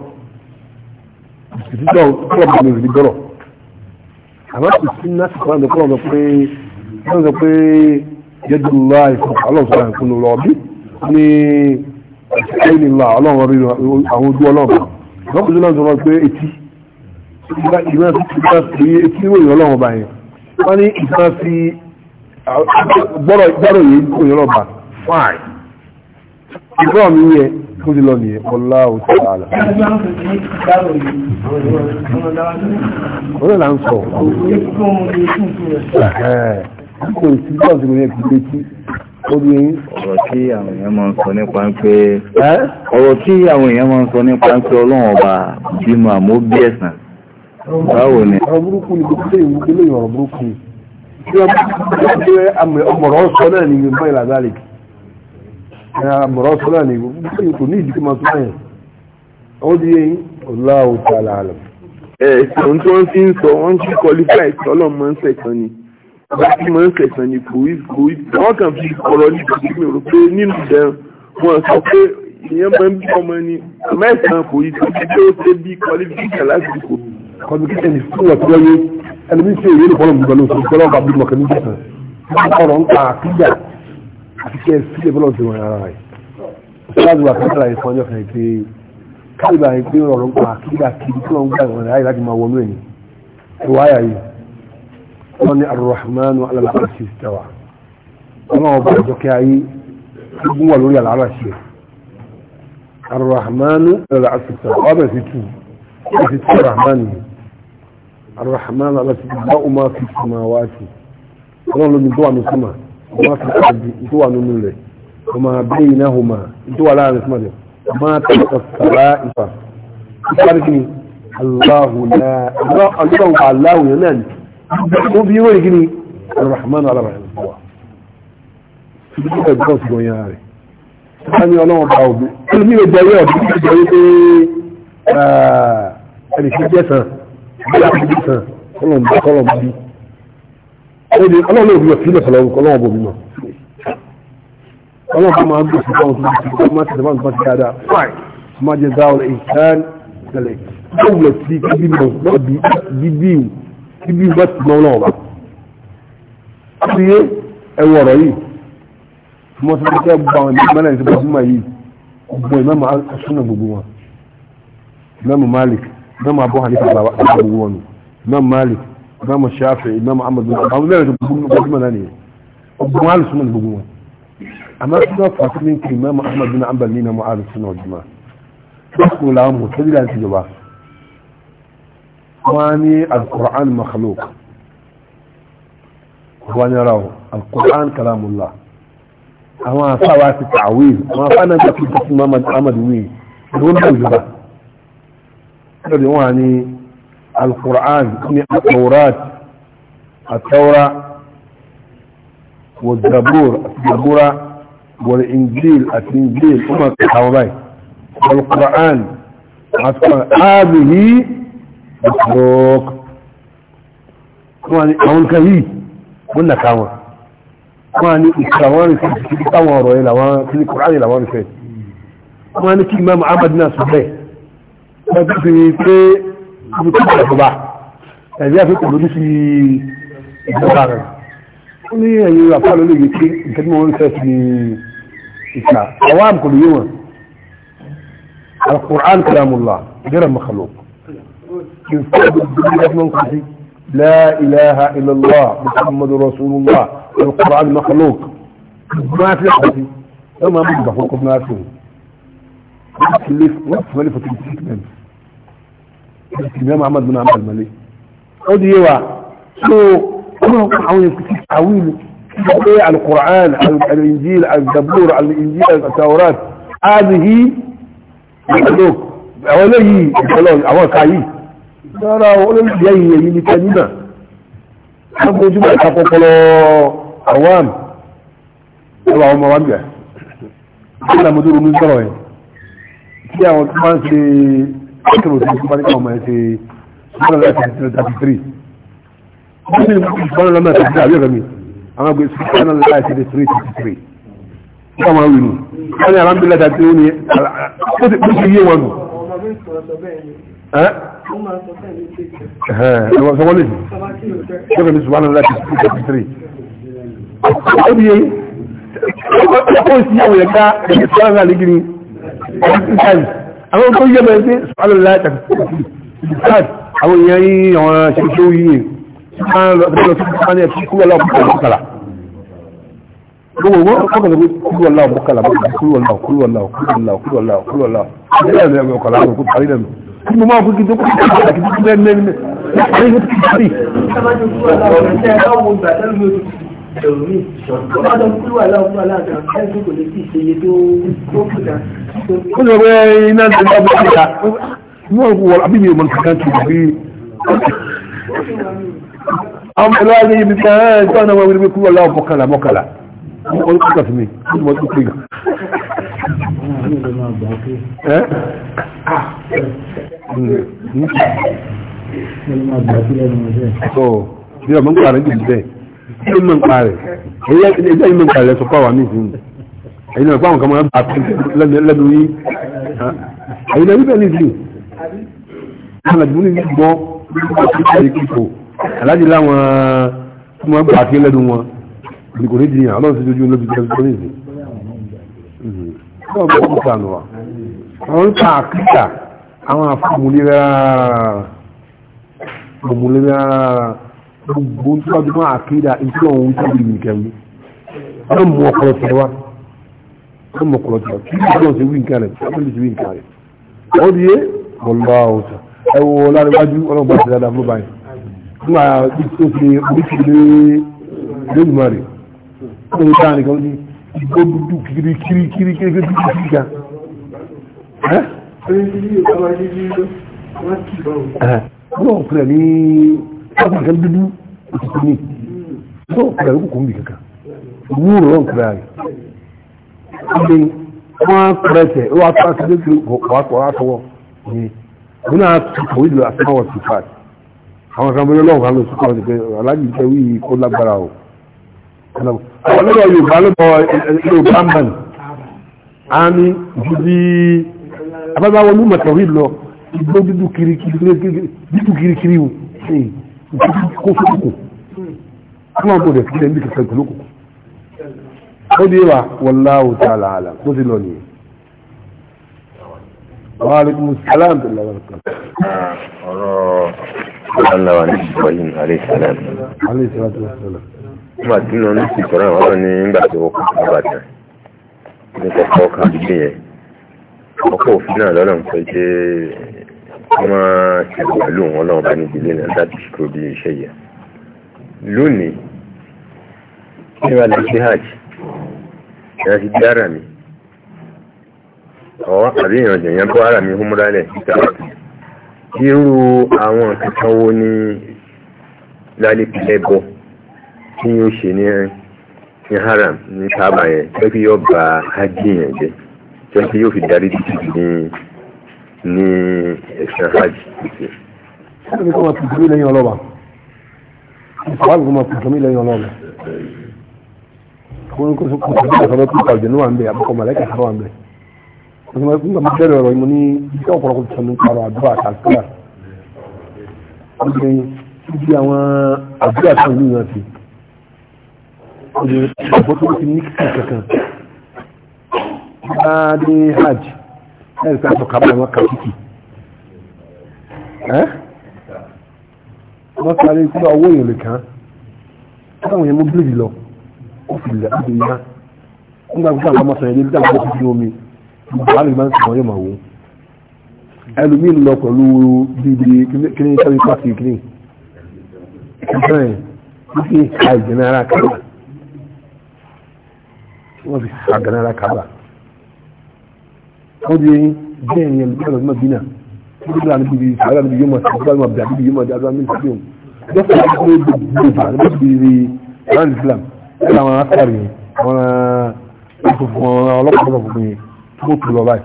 ìtìtọ́ kọ́lọ̀ bọ̀ mi gbọ́rọ̀ àmọ́ kò sí nasa kan kan fọlọ́run pé wọ́n sọ pé jẹ́dúlá ìfọ̀kàlọ́ sọ̀rọ̀ ìkúnnú lọ́ọ́bí ní ẹni ńlá ọlọ́run rí àwọn ojú ọlọ́run lọ́pọ̀ tó náà sọ pé etí ìgbà tí etí ìròyìn ọlọ́run bá yẹn wọ́n ní ìgbà tí gbọ́rọ̀ yìí ìròyìn ọlọ́run bá fine ìgbọ́rọ̀ mi yẹ kó ti lọ nìyẹn ọlá òtí àlà. ọlọ́run là ń sọ. kò sí bí wọ́n ti mọ̀ yẹn kì í gbé tí obìnrin. ọ̀rọ̀ tí àwọn èèyàn máa ń sọ nípa ń pé ọ̀rọ̀ tí àwọn èèyàn máa ń sọ nípa ń pé ọlọ́run ọba bímọ àmọ́ bí ẹ̀sán báwo ni. ọ̀rọ̀ burúkú ni kò tẹ́ ìwé ilé ìwọ̀n burúkú ni tí wọ́n bá ti ṣe ọmọ̀rọ̀ sọ náà ní yorùbá ìlànà rẹ̀ ọmọ̀rọ̀ sọ náà ní yorùbá kò ní ìdíkì máa tó báyẹn ó di yẹn ọ̀la òtà làálọ̀. ẹ̀ ẹ̀sìn tó bá tí mo ń fẹ̀sán ní kò í kò í wọ́n kàn fi ọ̀rọ̀ ní kò í mi rò pé nínú ìdẹ́rùn wọn sọ pé ìyẹn máa ń bí ọmọ ni mẹ́sàn-án kò í tó ti pé ó ṣe bí qualification láti kò. communication is fún wa tíwáyé ẹni bí ṣe ìwé ìfọlọ́ ìgbà lóṣù ìfọlọ́ ọba bímọ kan níbi kan ọ̀rọ̀ ń pa àkíjà àti kẹ́ ẹ sí ìfọlọ́ ti wọn ara rẹ̀. láti wà kí ara ìfọ̀n ọjọ́ kan pé káàbà ìpín ọ̀rọ̀ ń pa àkíjà kiri tí wọ́n ń gbà wọn láyé láti máa wọnú ẹ̀ ní ìwáyà yìí wọ́n ni arrahman wa alal arshi istawa wọ́n wọ́n bọ̀ jọ kí ayé gbogbo wà lórí àlàárà ṣe arrahman wa alal arshi istawa wọ́n bẹ̀rẹ̀ sí tù wọ́n sì tù rahman ni arrahman wa alal fi sùnmọ́ wá sí wọ́n tó wà ní sùnmọ́ wọ́n fi kàdí tó wà nínú rẹ̀ wọ́n máa bẹ́ẹ̀ iná hù tó wà láàrin sùnmọ́ rẹ̀ wọ́n máa tẹ̀sán sàrá ìfà rẹ̀ kí ni aláhùn náà aláhùn yẹn وفي ويقني الرحمن على رحمه الله في الجوز بنياري ثاني ولو بعوض كل مين الجايات الجايات اللي في جسا بلا جسا كلهم بكلهم بي ودي الله لو بيفيله فلو كلهم ابو بينا الله ما عنده سبحانه وتعالى ما تبان بس هذا ما جزاء الإنسان ذلك دولة دي كبيرة ما بي بي kí bí wọ́n ti mọ́ náà wà. a ti yé ẹwọ ọ̀rọ̀ yìí mo ti fẹ́ gba àwọn ìlú mẹ́rin tí bọ́sùmọ̀ yìí gbogbo ìmọ̀mọ̀ asúnà gbogbo wọn ìmọ̀mọ̀ Malik ìmọ̀mọ̀ Abu Hanifa gbogbo wọn ìmọ̀mọ̀ Malik ìmọ̀mọ̀ Shafi ìmọ̀mọ̀ Ahmad àwọn mẹ́rin tí bọ́sùmọ̀ náà nìyẹn gbogbo wọn alùsùnà gbogbo wọn àmọ́ tí wọ́n fà sí ní kí ìmọ̀mọ̀ Ahmad bin Ambal ní ìmọ̀mọ̀ alùsùnà ọ̀jùmọ̀ اخواني القرآن مخلوق اخواني راهو القرآن كلام الله اما صوات التعويل ما فانا تكون تكون ماما امد وين دون وجبة اخواني القرآن من التورات التورة والزبور الزبورة والإنجيل الإنجيل أمك حوالي والقرآن هذه makarok àwọn kan yìí wọ́n nà káwọn wọ́n ni ìkàwọn rẹ̀ sí kí táwọn ọ̀rọ̀ yìí làwọn kí ní kùránì làwọn rẹ̀ fẹ́ wọ́n ni kí imam ahmad náà sọ bẹ́ẹ̀ wọ́n tó fi pé ibi tó bẹ̀rẹ̀ tó bá ẹ̀rí àfi kò lójú sí ìjọba rẹ̀ ó ní ẹ̀yìn àpá ló lè yé لا إله إلا الله محمد رسول الله القرآن مخلوق ما في حدي أما مجد حقوق ما فيه وقف ملفة في الإمام أحمد بن عمد الملي أودي يوا سو أنا أقول كتير تعويل على القرآن على الإنجيل على الزبور على الإنجيل على التوراة هذه مخلوق أولي يقولون أول rárá olóògbé ẹ̀yìn èyí ni tẹ́límà agbójúmọ̀ ìtàkọ́kọ́lọ́ àwọn ẹwà ọmọ wa gbà tí àwọn ọmọdé ronú sọ̀rọ̀ ẹ̀ tí àwọn tó máa ń ṣe ẹ̀kẹ́rò sí ìjọba nípa ọmọ ẹ̀ ṣe sọ́nà láti ṣe thirty three wọ́n sì ń sọ́nà lọ́mọ ẹ̀ tàbí àbí ọ̀rẹ́ mi àwọn àgbẹ̀ sọ́nà láti ṣe three thirty three wọ́n máa wí nù wọ́n ní alámbílẹ̀ tàbí ó ní ó ti yé wọn nù. ọmọ mi sọ̀rọ̀ sọ bẹ́ẹ̀ ni ẹ̀wọ̀n sọ wọ́n lè ṣẹ́kọ̀ ní ṣùgbọ́n aláàlá ti ṣe ṣe tírì ó bí yẹn ó sì yàwó yẹn ká ẹ̀kẹ́ ṣùgbọ́n aláàlá lè gírí ọdún tí káàdì àwọn tó yẹ bẹ̀rẹ̀ pé ṣùgbọ́n aláàlá ti ṣe káàdì àwọn èèyàn yìí àwọn ṣe tó yìí yìí ṣùgbọ́n aláàlá ti ṣe káàdì kúrò aláwọ̀ bùkàlà gbogbo wọn kọ́kọ́ lè kúrò aláwọ̀ bùkàlà kúrò aláwọ̀ kúrò aláwọ̀ kúrò kí mo máa fún kí tó kọ́ kí tó kọ́ lẹ́nu lẹ́nu láti ṣe kí tó rí. ó lọ wẹ́ iná tó bá bọ́ síta wọ́n kò wọ́n àbí mi ò mọ̀ nǹkan tó rí. àwọn ọmọ ìlú ayé ibi kan ẹ̀ tó àwọn ọmọ ìlú kúrò láwọn mọ́kànlá mọ́kànlá wọ́n kúkà fún mi wọ́n mọ̀ tó pé gan bí ọmọ ń parẹ́ jù bẹ́ẹ̀ kí ló ń parẹ́ ẹ̀yẹ́ ìmọ̀ ń parẹ́ sọ fáwọn àmì ìsìn ẹ̀yìn náà fáwọn kan máa ń bá lẹ́nu yín ẹ̀yìn náà wípé ní ìsìn alàjù ní gbọ́ nípa tí ó yẹ kíkò alájì láwọn tí wọ́n bá kí lẹ́nu wọn kò ní jìyàn ọlọ́run sí ojú olóbi tó ń sìn. Bọ́ọ̀ bọ́ọ̀ ń ta àkíkà àwọn àfọmùlé rárá àfọmùlé rárá gbogbo tó wájú máa àkéda ìtú ọ̀hún tó bí nìkan mú wọ́n mú ọkọ̀rọ̀ tẹ̀ wá wọ́n mú ọkọ̀rọ̀ tẹ̀ wá kí ìjọ sí wí nǹkan rẹ̀ wọ́n lè sí wí nǹkan rẹ̀ ó di yé bọ̀lá ọ̀tọ̀ ẹ wo láríwájú ọlọ́gbà ti dáadáa fún báyìí nígbà tí ó fi oríṣi lé lónìí rẹ̀ ó lè dá nìkan ní igbó dúdú kiri kiri kiri kiri kiri kiri kiri kiri wọ́n pẹ̀lẹ̀ ní ọgbọ̀nkẹ́ dúdú òtùtù ní wọ́n pẹ̀lẹ̀ ní kòkòrò kankan wúrò wọ́n pẹ̀lẹ̀ rẹ̀ ọdún wọ́n pẹ̀lẹ̀ tẹ̀ wọ́n tó àtúndé kí wọ́n sọwọ́ ní wọ́n náà tutù ìlú àtúnwọ̀ sí fàt àwọn kan bẹ́ẹ̀ lọ́wọ́ kan ló sọ́kọ̀ ọ̀dẹ̀ pé aláàjì jẹ́ wí kó lágbára o àwọn lọ́wọ́ Yorùbá ní ju bí abájá wọn ní mọ̀tàwí lọ igbó dídú kirikiri o kó sókòkò kí wọ́n tó rẹ̀ sílẹ̀ ní kẹsàn pẹ̀lú kòkò ó dé wa wallahu ta'ala àlà bó ti lọ nìyẹn wa alaikum salam tó lọ́wọ́ kan. ọ̀rọ̀ ọ̀làwà ní ìbọ̀yìn alẹ́ sàlám. alẹ́ sàlám tó sọ̀rọ̀. nígbà tí wọn ní ìtọ́ra àwọn ní ìgbà tó wọ́pọ̀ àbàtà ní kọ̀ọ̀kan ọkọ̀ òfin náà lọ́nà pé ṣé wọ́n ṣẹlẹ̀ pẹ̀lú wọn lọ́wọ́ bá níbi ilé náà láti ṣòro bí iṣẹ́ yẹn lónìí níwà lè ṣe hajj ẹ̀yà ti dára mi ọ̀ àbí ìrànjẹ̀ yẹn bọ́ ara mi húnmúrálẹ̀ irú àwọn kankan wo ní lálẹ́pìlẹ́ bọ́ tí yóò ṣe ní haram ní sábà yẹn pé kí yóò ba hajj yẹn jẹ́ tẹ́ntì yóò fi darí títì ní ní ẹ̀sìn hajj títì. ṣé ẹni kó máa tìjú mí lẹ́yìn ọlọ́ba ìfọwọ́ àgùnkò máa tìjú mí lẹ́yìn ọlọ́ba kó ní kó sọ kó sọ bí ọ̀sán bá tún kàwé nínú àǹbẹ̀ àbúkọ̀ mọ̀lẹ́kà sábà àǹbẹ̀ ọ̀sán bá tún kàwé bẹ̀rẹ̀ ọ̀rọ̀ ìmọ̀ ní iṣẹ́ ọ̀pọ̀lọpọ̀ tó sọnù parọ́ àdúrà àtàkùrà ọ̀gbìn ibi àwọn àdúrà tó ń lù yàn sí ọ̀gbìn ọ̀gbọ́n tó ti ní kíkì kankan bá dé hajj ẹ̀rì pé aṣọ kàbá wọn kàkìkì ẹ́ wọ́n sáré pé ọwọ́ èèyàn lè kàn án táwọn èèyàn mú bíléèdì lọ ó fi lẹ̀ ábí yá ń gbà gbà àwọn ọmọọ̀sán yẹn dábàá fún fún omi bàbá lè máa ń sọ̀rọ̀ yóò máa wò ẹlòmíín lọ pẹ̀lú bíbi kíní sáré pàtì kíní kíkẹ́ kíkẹ́ àìjẹ̀nà ara kábà wọ́n fi àgànà ara kábà wọ́n di eyín bẹ́ẹ̀ yẹn lọ́dọ̀ ọdún mọ̀bí náà wọ́n di láàrín bíbí sàárà bíbí yóò mọ̀ sí ọgbà mọ̀bí àbíbí yóò mọ̀ sí ọgbà mọ̀bí àbíbí yóò dọ́kítà ló gbé bá ló bìrì ran islam ẹ̀rọ àwọn akari wọn ìfòfò ọlọ́pàá ọlọ́pàá yẹn tó kó lọ báyìí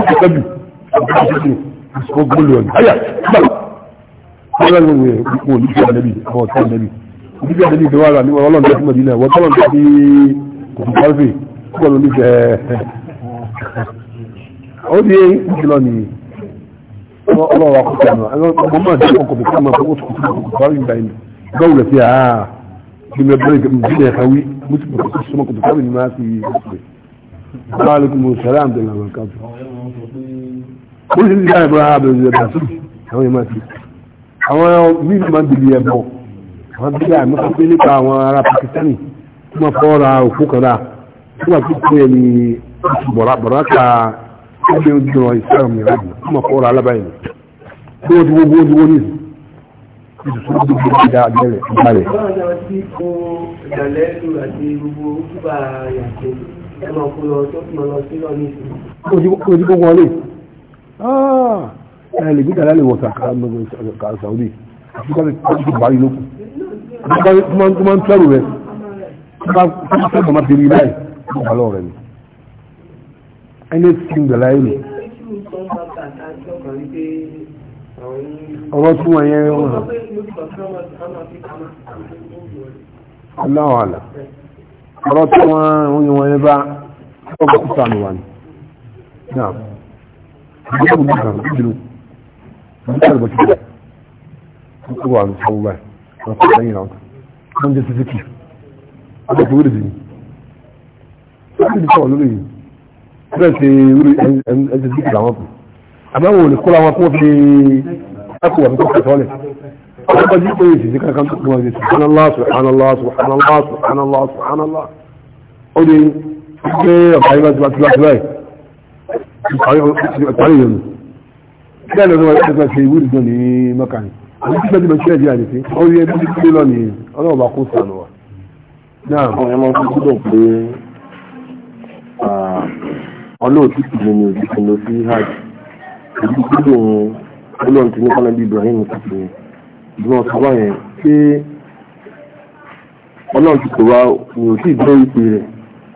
ìfòkẹ́bì ìfòkẹ́bì ìfòkẹ́bì ọ̀nà ayà gbàlù wọ́n lọ́nà wẹ̀ wọ́n ní ìfẹ́ ọlọ́run tó fún mọ̀dínà wọ́n tọ́lọ̀ ní kòtùkọ́fì kúkọ̀ ló ní fẹ́ẹ́ ó di ìjìlọ nìyí ọlọ́wọ́ akọ́kọ́ àná ọmọ máa dín ọkọ̀ bí káàmà fún oṣù kùtù kùtù bá rí ìgbà yìí gbọ́wò lẹ́sẹ̀ àá bí mi bẹ́rẹ̀ kí mi nà ẹ̀ka wí mo ti bọ̀ sọmọ kùtù káàmì ni máa fi ṣe báàlì kí mo sẹ́rẹ́ àmì tẹ̀lé àwọn kan tó. mo ti ní káyọ̀ bọ́lá abẹ́rẹ́ ẹ̀bà sí àwọn yẹn máa ti. àwọn míì máa ń dìbì ẹ̀bọ̀ àwọn bí i àmì fún pé nípa àwọn ará Pakistani tí wọ́n fọ́ ra òkú kan rà tí wọ́n ti pè é bọ̀rọ̀ ká ẹgbẹ́ ojúmọ̀ ìsẹ́rọ̀ mìíràn ọmọ fọ́ọ̀rọ̀ alábàáyìn tí ó ti gbogbo ojú wọ́n nìyí ìtùtù gbogbo ìdá àgbẹ̀rẹ̀ ìgbàlẹ̀. ojú gbogbo ọlẹ́ ah! ẹ lè gbígbà lálẹ́ wọ̀ kàkà Saudi àfikà lè tó bàárí lókù tó máa ń tẹ́rù rẹ̀ tó máa ń tẹ́rù rẹ̀ máa ń tẹ́rù rẹ̀ anything the line. ọwọ́ tún wọ́n yẹn wọ́n hàn. aláwọ̀ àlà ọ̀rọ̀ tí wọ́n ń yẹn wọ́n yẹn bá ọkọ̀ kúta nù wà ní. náà ìjọba mi kàn án dúró wọ́n ti àlùbọ̀ títí wọ́n ti wà ní sọ́wọ́ báyìí wọ́n ti lẹ́yìn náà wọ́n jẹ́ sísíkì wọ́n ti wúrò sí i. wọ́n ti sọ̀rọ̀ lórí yìí kílẹ̀ ṣe wúri ẹ̀ṣẹ̀ sí ìlànà fún àmọ́ àwọn olùkọ́ làwọn tó fi ẹ̀kọ́ wà ní kókò sọ́ọ̀lẹ̀ wọ́n bá jí pé èsì sí kankan tó wọ́n ṣe subhanallah subhanallah subhanallah subhanallah subhanallah ó lè gbé ọ̀gá yìí láti láti láti láì ìparí ìyọnu kílẹ̀ lọ́dún wọn ẹ̀ṣẹ̀ ṣe wúri gan ní mọ́kà ni àwọn tí gbẹ́dìmọ̀ kílẹ̀ di àyè sí ó yẹ bí kílẹ̀ lọ ní ọlọ́wọ́ bá kó sànù wa. náà àwọn ẹ̀mọ́ tó gbọ́dọ̀ pé ọlọ́ọ̀tí sì ni mi ò sì lọ sí hajj èyí tó lòun ọlọ́run ti ní kánábí Ibrahim kàtó yẹn ìgbọ́n sábà yẹn ṣé ọlọ́run ti kò wá mi ò sì gbọ́ ìpè rẹ̀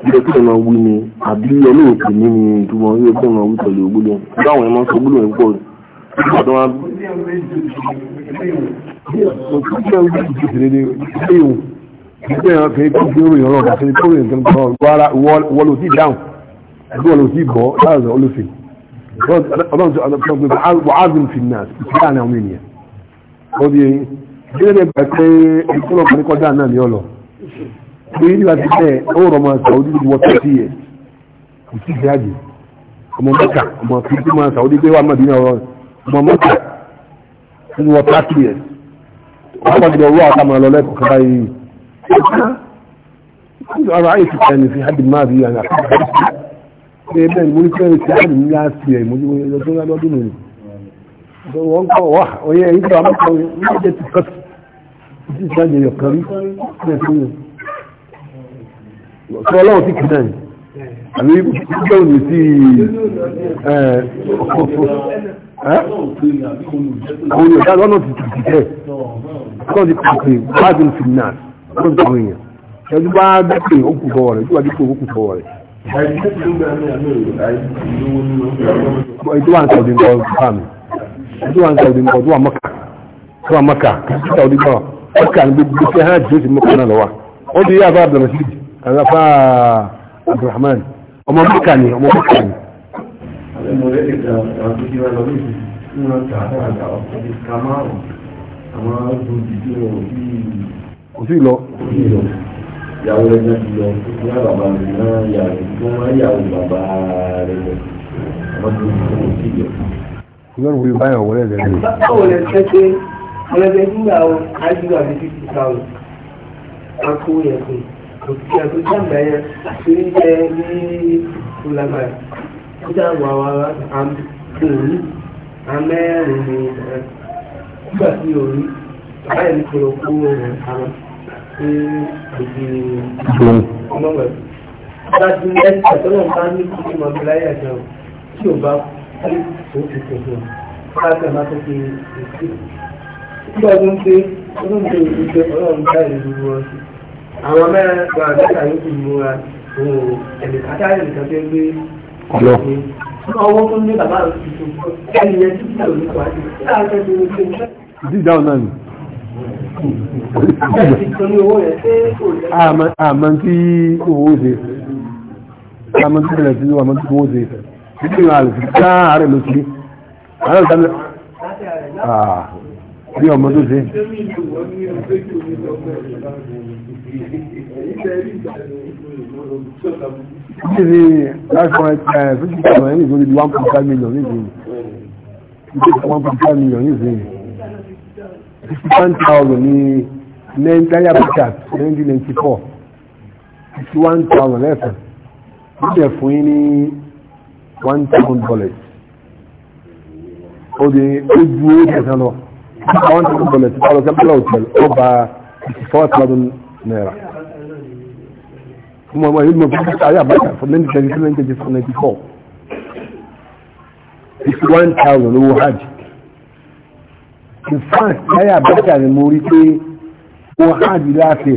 ilé tó lọ́nà wí ni àbí ọlọ́ọ̀tí ní ni ìtumọ̀ ilé tó lọ́nà wí pẹ̀lú ògbóló ìgbà àwọn ẹ̀mọ́ sọ ògbóló yẹn nígbà tó wọn. ìgbà yẹn ó sí kó ẹgbẹ́ wọn ló sì bọ́ láàrín olùfẹ́ ọlọ́run tó ọlọ́run pé wàhálùn fi náà ìpínlẹ̀ àwọn ènìyàn ọdí ilé rẹ̀ bẹ̀ pé ìkọlọ̀ kan ní kọjá náà ní ọlọ pé nígbà tí bẹ́ẹ̀ ó rọ̀ máa sọ ojú wọ tẹ́tí yẹ kò sí ìdájì ọmọ mẹ́ta ọmọ tuntun máa sọ ojú pé wà ara ayé fi hadi máa rí àwọn àkókò ṣe bẹ́ẹ̀ mo ní fẹ́rẹ̀ sí àdùn ńlá sí ẹ̀ mojú ẹjọ́ tó lọ́dún nù ní wọ́n kọ́ wà oyẹ ìgbà àmọ́kọ́ ní ọjọ́ ti kọ́ sí ìṣàjẹ̀ yọ̀ kan rí ní ẹ̀sìn yẹn sọ ọlọ́run sí kìnnà yìí àbí ìjọ òní sí àwọn olùdá lọ́nà ti tìtì tẹ̀ kọ́ ti pàpè bá ti fi náà kọ́ ti pàpè yẹn ẹjú bá dẹ́pẹ̀ ó kù fọwọ́ rẹ̀ ìjọba dẹ́pẹ̀ ó kù fọwọ́ rẹ̀ ìtú wa ń sọ̀dí nǹkan bá mi ìtú wa ń sọ̀dí nǹkan tó wà mọ́kà tó wà mọ́kà kí sọ̀dí bá wà mọ́kà ní gbogbo ṣe hàn jù sí mọ́kà náà lọ́wọ́ ó di yàrá abdulrasheed àlàfà abdulrahman ọmọ mọ́kà ni ọmọ mọ́kà ni. kò sí lọ ìyàwó rẹ̀ náà ti lọ ní àbàbà rẹ̀ náà yà wọ́n máa yàwó bàbá rẹ̀ lọ àwọn tó ń bọ̀ sí ìyọ̀. lọ́rùn wíwá yàn wọlé rẹ̀ rẹ̀. báwo lẹ fẹ́ ṣe ọlọ́dẹ nígbà wo ájúgbà àti fífi táwọn akó yẹn fún òkìkí àti jàǹdà yẹn àti oúnjẹ ní ìfúnlágbà ó dá wà wà àmì àmẹ́rin ní ìgbà tí òun báyìí kò lọ kó òun àmọ́ pé èdè ọlọ́wẹ̀. Dájú ẹ̀sìn àtọ́nà bá ní kí mọ̀ mi láyé àjọ tí ò bá kú tó ti tẹ̀sán. Káàkiri àmà tó fi èsì. Nígbà tó ń pé olóńgbò ìgbẹ́ ọlọ́run dá ìlú wọn sí àmọ́ tí owó ṣe àmọ́ tí bẹ̀rẹ̀ sí àmọ́ tí owó ṣe títí ìwọ̀n àlùfí láàárẹ̀ ló ṣe àárẹ̀ ìdámẹ́ bí ọmọ tó ṣe Ìgbésí láti wọ́n ẹ̀ẹ́ fíjì ìgbàmọ̀ ẹ̀yìn ìgbóni 1.5 million ní ìgbìyànjú. Ìgbésí 1.5 million ní ìgbìyànjú fifty one thousand ní nigeria pictures nineteen ninety four fifty one thousand lẹ́sàn ó jẹ́ fún yín ní one thousand dollars ó di ojú ó jẹ́ sán lọ one thousand dollars ó lọ sẹ́pẹ́lá hotel ó ba fifty four thousand naira mo mọ ìlú mọ̀ fún ayé àbájá fún nineteen ninety four ninety four fifty one thousand owó hajj in fact láyé àbájá ni mo rí pé wọ́n hajj láti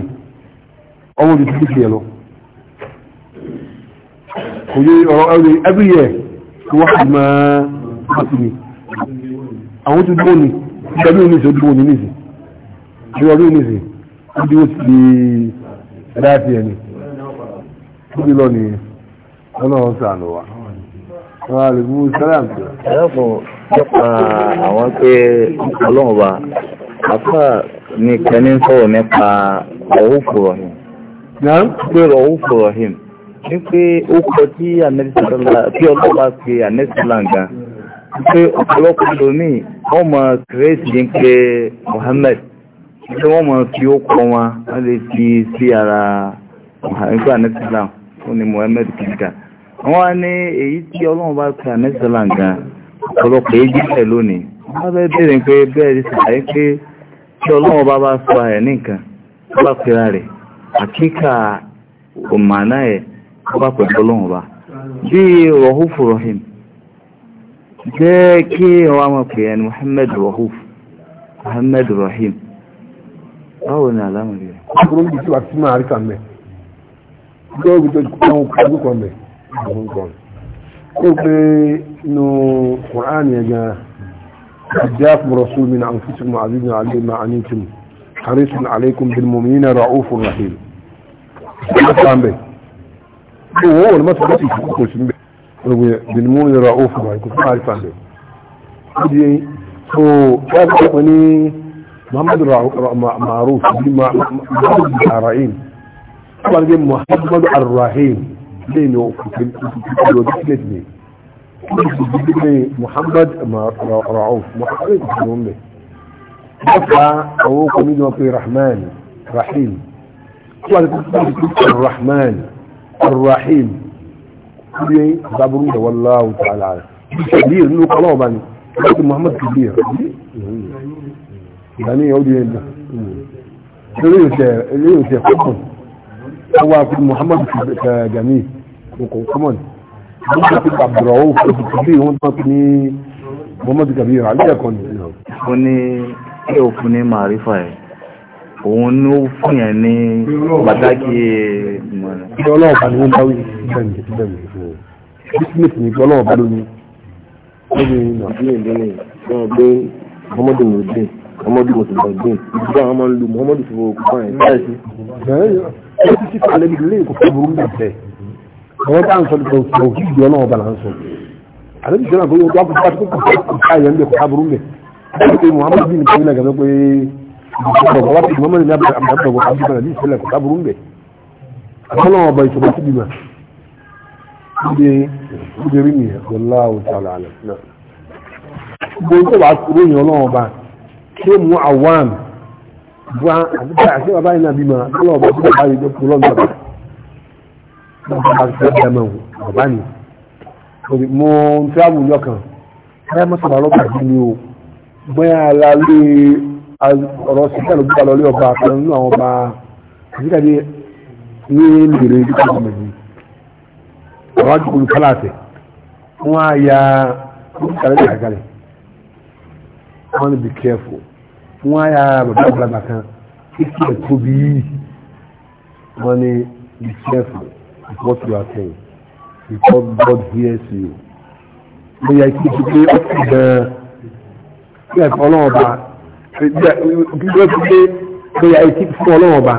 ọwọ́ ní títí ṣe lọ kò yé ọ̀rọ̀ ẹ̀rọ every year kí wọ́n hajj máa pàtó ni àwọn tó dúró ni ìgbàlú ní ìṣó dúró ní nìsí ìrọ̀lú ní nìsí ó dúró sí láti ẹni tó bí lọ nìyẹn ọlọ́run sàánù wa. Wa alaikum salaam nípa àwọn pé ọlọ́run wa àfà ní kẹ́ni sọ̀rọ̀ nípa ọ̀húfù rọ̀hìn. náà pé ọ̀húfù rọ̀hìn ní pé ó kọ tí ọlọ́pàá fi anẹ́sìlán gan pé ọ̀pọ̀lọpọ̀ lómi wọ́n mọ̀ kírẹ́sì ní pé Mohammed tí wọ́n mọ̀ fi ó kọ wọn wọ́n lè fi sí ara nípa anẹ́sìlán fún ni Mohammed kìíkà wọ́n wá ní èyí tí ọlọ́run bá fi anẹ́sìlán gan ọ̀pọ̀lọpọ̀ egílẹ̀ lónìí wọ́n fẹ́ bèèrè pé bẹ́ẹ̀ rí sàáyé pé tí ọlọ́wọ́ bá bá sọ ẹ̀ nìkan bá pera rẹ̀ àkíkà òmànà ẹ̀ bá pẹ̀lú ọlọ́wọ́ bá bí rọ̀húfù rọ̀hìm Muhammad rọ̀húf Muhammad rọ̀hìm báwo ni àlámọ̀rí rẹ̀. ọkùnrin bíi tí wàá ti máa rí kàmẹ́ gbọ́dọ̀ gbọ́dọ̀ kọ́ àwọn إنه قرآن يا جماعة جاءكم رسول من أنفسكم عزيز عليه ما عنيتم حريص عليكم بالمؤمنين رؤوف رحيم أفهم به هو لما تبقى بالمؤمنين رؤوف رحيم أعرف عن به so ya wani muhammadu ma'aruf bi ma'aruf ra'in kamar bin muhammadu ar-rahim الاثنين وفي الاثنين محمد رعوف محمد بن له دفع أبوكم في رحمن رحيم الرحمن الرحيم كلي صبروا والله تعالى كبير انه قلوبا محمد كبير يعني يودي هنا ليه ليه هو محمد جميل kò common wọ́n ti fi àbúrò ó fi ti bí wọ́n tán ní mọ́mọ́dé kàbí rà ní ẹ̀kọ́ ni. ó ní kí o fún ní màrífà ẹ̀ òun ní ó fún yẹn ní pàtàkì ìmọ̀ràn. kí ọlọ́ọ̀bá ni wọ́n bá wí bẹ́ẹ̀ ní bẹ́ẹ̀ ní fún un business ní kí ọlọ́ọ̀bá ló ní. lórí ìdílé ìdílé náà gbé mọ́mọ́dé mi dé mọ́mọ́dé mo ti lọ dé ìdílé àwọn ọmọ ń lu mọ́mọ́dé ti fọwọ́ kúkọ́ yẹn. bẹ́ẹ̀ ni ó ti ṣe àwọn tá à ń sọ nípa òkú ìjọ náà ọba là ń sọ àdébí sọ náà pé wọn kó pàtó kó ká ìyẹn bẹ kó aburú bẹ pé muhammadu bin kí nílẹ̀ gàdọ́ pé ìjọba wà pé muhammadu ní abẹ́rẹ́ abúlé ní ìṣẹ̀lẹ̀ kó aburú bẹ àtọ́nà ọba ìṣọba tó bímọ ìdè ìdè rí mi ọ̀la òtà àlẹ́ náà gbogbo ìjọba àkúrò yẹn ọlọ́wọ́ ọba ṣé mu àwọn àdúgbò àti bàbá yìí bímọ ọlọ́wọ́ ọba bá ti fẹ́ dẹ́mọ̀ bàbá ni mo ń tí àwọn òyìn ọkàn báyà mọ́ sọ̀rọ̀ ọlọ́pàá bí mi o bóyá ara lé ọ̀rọ̀ síkà ló gbà lọ́lé ọba àkàrà nínú àwọn ọba àdíkà ní ní lèrè ìdíkà ọmọ yìí ọ̀rọ̀ àjùkú ní kálá àtẹ̀ is what you are saying because God hears you mo yẹ kí n ti pé ó ti gan-an bí ẹ̀kọ́ ọlọ́run ọba bí ó ti pé mo yẹ kí n fún ọlọ́run ọba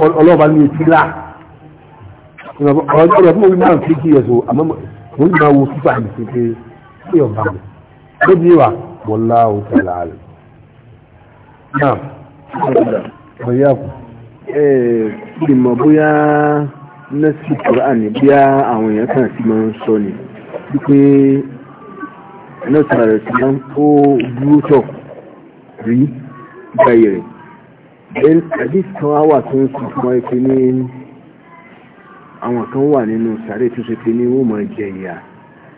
ọlọ́run ọba ní etí là ọ̀rọ̀ tí mo fi máa ń fi kí yẹ so àmọ́ mo ń máa wo fífa àmì sí pé kí ọba mi lóbi wa wọlá òkè làálẹ̀ náà ọ̀yà kù. ẹ̀ẹ́d ìmọ̀ bóyá nọ́ọ̀sì quran bí àwọn èèyàn kan ti máa ń sọ ni wípé nọ́ọ̀sì rẹ̀ ti máa ń kó búrútọ̀ rí gbàyè rẹ̀ then àdìs kan á wà tó ń sọ fún ẹ pé ní àwọn kan wà nínú sàárè tó ṣe pé ní wọ́n máa jẹ ìyà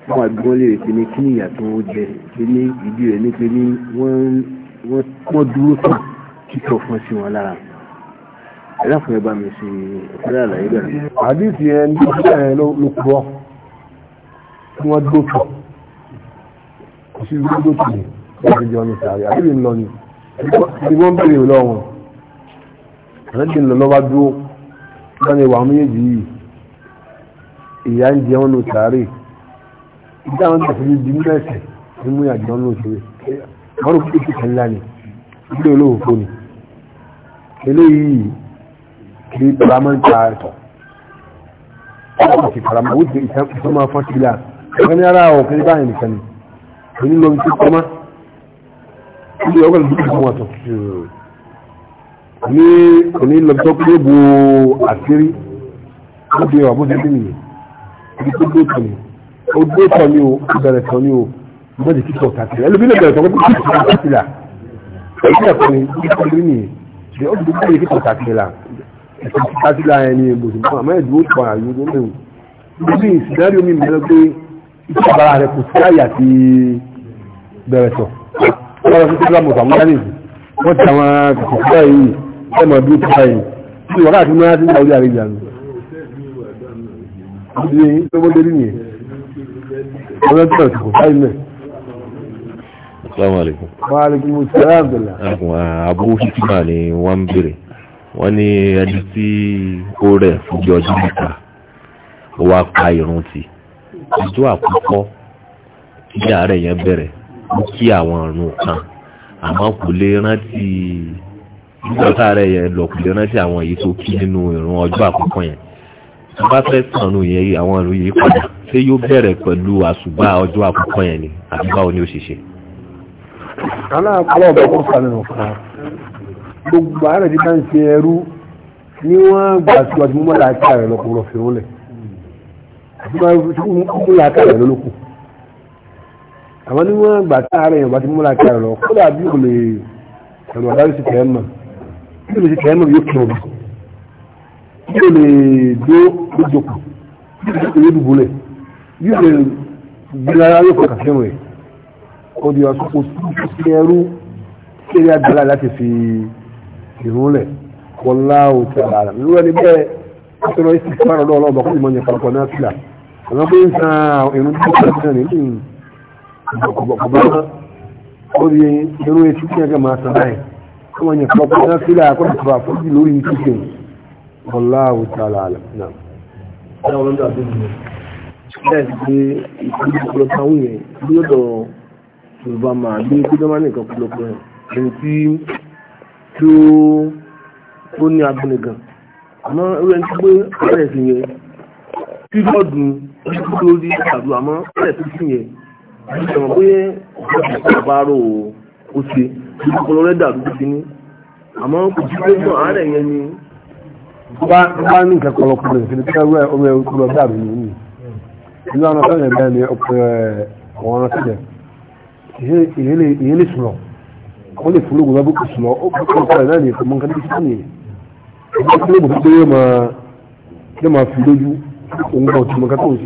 wọ́n àgbọ́n lè rè pé ní kí ni ìyà tó ń jẹ pé ní ìdí rẹ̀ ní pé ní wọ́n dúró tán kíkọ̀ fún sí wọn lára ẹlẹ́fún ẹ̀bá mi sí ìpínlẹ̀ àlàyé bẹ̀rẹ̀. àdìsí ẹ ní ìpínlẹ̀ ẹ ló kúrọ́ tí wọ́n dókò kò sí ìlú dókò ní láti jọ ní sàárẹ̀ àbílẹ̀ ń lọ ni bí wọ́n bèrè lọ́wọ́ àlejò ńlọ lọ́wọ́ dúró wọ́n ní ìwà méjèèjì yìí ìyá ń jẹun ní sàárẹ̀ ìdá àwọn tẹ̀sí ní di mẹ́sẹ̀ ní mú ìyàjọ́ ní òṣèré wọ́n rò pé kìkẹ́ ńlá ni ilé olóòfó ni eléyìí kì í paramọ́ ń ta ẹ̀tọ́ ọkọ̀ ti paramọ́ ó ti ìfẹ́ máa fọ́ sílá ọkọ̀ ní ara ọ̀ kiri báyìí nìkan ni kò ní lọ sí kọ́má ilé ọkọ̀ lójú kan wà tó ní kò ní lọ sọ pé bo àṣírí ó di ọ̀bọ̀ tó dé nìyẹn ibi tó dé tọ̀ ni ó dé tọ̀ ni o ó bẹ̀rẹ̀ tọ̀ ni o mo ti kíkọ̀ tàkìlá ẹlòmí lè bẹ̀rẹ̀ tọ̀ pé kíkọ̀ tàkìlá ẹ̀yìn ẹ̀sìn kíkà sí láàrin ní ìbòsùn fún àmọ́ ẹ̀dùn ó pọ̀ àyè tó léwu níbi ìsìnárì omi mìíràn pé iṣẹ́ àbára rẹ̀ kò sí àyà ti bẹ̀rẹ̀ sọ wọ́n lọ sí tíra mọ̀tò àwọn dánìsì wọ́n ti àwọn kòkòrò yìí ẹ̀ mọ̀ bí ó ti báyìí sí wákàtí mọ́ra sí ìgbà orí àríjà nù. ìdílé tó bó dérí nìyẹn wọ́n ti bẹ̀rẹ̀ sọ̀kò báyìí mẹ́. Assalamu alaikum. Wa alaikum assalam. Abu Hikima ni wọ́n ń bèrè wọ́n ní ẹni tí ó rẹ̀ fúnjọ ọdún mẹ́ta ó wá pa irun tì ọjọ́ àkọ́kọ́ tí àárẹ̀ yẹn bẹ̀rẹ̀ ó kí àwọn ọ̀run kan àmọ́ kò lè rántí nígbà táàrẹ̀ yẹn lọ kò lè rántí àwọn èyí tó kí nínú ìrun ọjọ́ àkọ́kọ́ yẹn tó bá fẹ́ sànù yẹn àwọn ìrun yìí padà ṣé yóò bẹ̀rẹ̀ pẹ̀lú àṣùgbà ọjọ́ àkọ́kọ́ yẹn ni àbí báwo ni ó ṣe ṣe gbogbo ààrẹ ti bá ń ṣe ẹrú ní wọ́n gbà tí wọ́n ti mú làákà rẹ̀ lọ́kùn lọ fìrún lẹ̀ àti wọ́n ti mú làákà rẹ̀ lọ́lọ́kùn àwọn ní wọ́n gbà tá ààrẹ yẹn bá ti mú làákà rẹ̀ lọ kódà bí kò lè ẹ̀rọ àdáyé sí kẹ́ẹ̀ mọ̀ bí kò lè sí kẹ́ẹ̀ mọ̀ yóò kí ọ̀bì bí kò lè dó lójokù bí kò lè dùbò lẹ̀ bí kò lè gbin ara yóò fọkà fẹ́ràn rẹ̀ ó di ọ̀sán kò sí ẹrú kéré agbára láti fi ìrúnlẹ̀ wọláwò tí a rà lórí ẹni bẹ́ẹ̀ àtọ́rọ ìsìn fún àrọ̀lọ́ ọlọ́ọ̀bọ̀ kó ìmọ̀ yẹn pàpọ̀ náà fìlà àwọn pé ń san irun tí ó ti ní ní ọ̀pọ̀pọ̀pọ̀ ó di irun etí tí ẹgbẹ́ máa san báyìí kó ìmọ̀ yẹn pàpọ̀ náà fìlà akọ́dọ̀ tó bá fújì lórí ní kíkẹ́ wọláwò tí a tó ní agbónigan àmọ́ ẹgbẹ́ ń gbé ọ̀rẹ́ sí yẹn tí tó rí àdúrà àmọ́ tó sí yẹn ó ṣe ìpínlẹ̀ dàrú ní àmọ́ kò sí pé mọ́ àárẹ̀ yẹn ni bá ní nǹkan kan ọkùnrin tí wọ́n ọmọ ẹ̀kú lọ dàrú nìyí ìlú àwọn ọ̀sán yẹn bẹ́ẹ̀ ni ọkùnrin ọ̀wọ́n eh, ọ̀sán wọ́n lè fúlógún bá bókù súnmọ́ ó kọ́kọ́ ọ̀pọ̀ náà lè fọmọ́ nǹkan tó ní ẹgbẹ́ fúlógún pé yóò máa fi lójú òun gbọ́ òtún nǹkan tó ń ṣe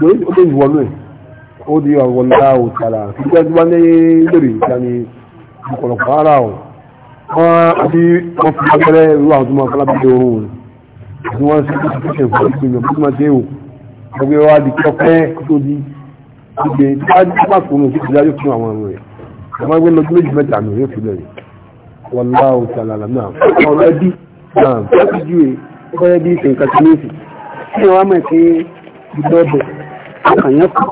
lórí ó lè wọnú ẹ̀ ó di ọ̀wọ́ ńlá òtàlà fíjá tí wọ́n ní lórí ìta ni ọ̀pọ̀lọpọ̀ ara ọ̀ wọ́n fi wọ́n fi abẹ́rẹ́ irú àwọn tó máa fọlá bíi oorun rẹ̀ tí wọ́n ṣe kí ṣe ṣe fún ìgbìmọ̀ tó máa dé o ẹgbẹ́ wa di kọ́kẹ́ tó di ìgbẹ́ tí wọ́n á dé pàtó ní oṣù tí wọ́n á yóò fún àwọn ọ̀rọ̀ rẹ̀ àmọ́ ẹgbẹ́ lọ méjì mẹ́ta nù yóò fi lẹ́yìn wallahu ta'ala náà ọ̀rọ̀ ẹbí náà fẹ́ẹ́ ju e, ẹgbẹ́ bí ṣe nǹkan tí méjì ṣé wàá mọ̀ pé ìdọ́bẹ̀ àkànyàn kù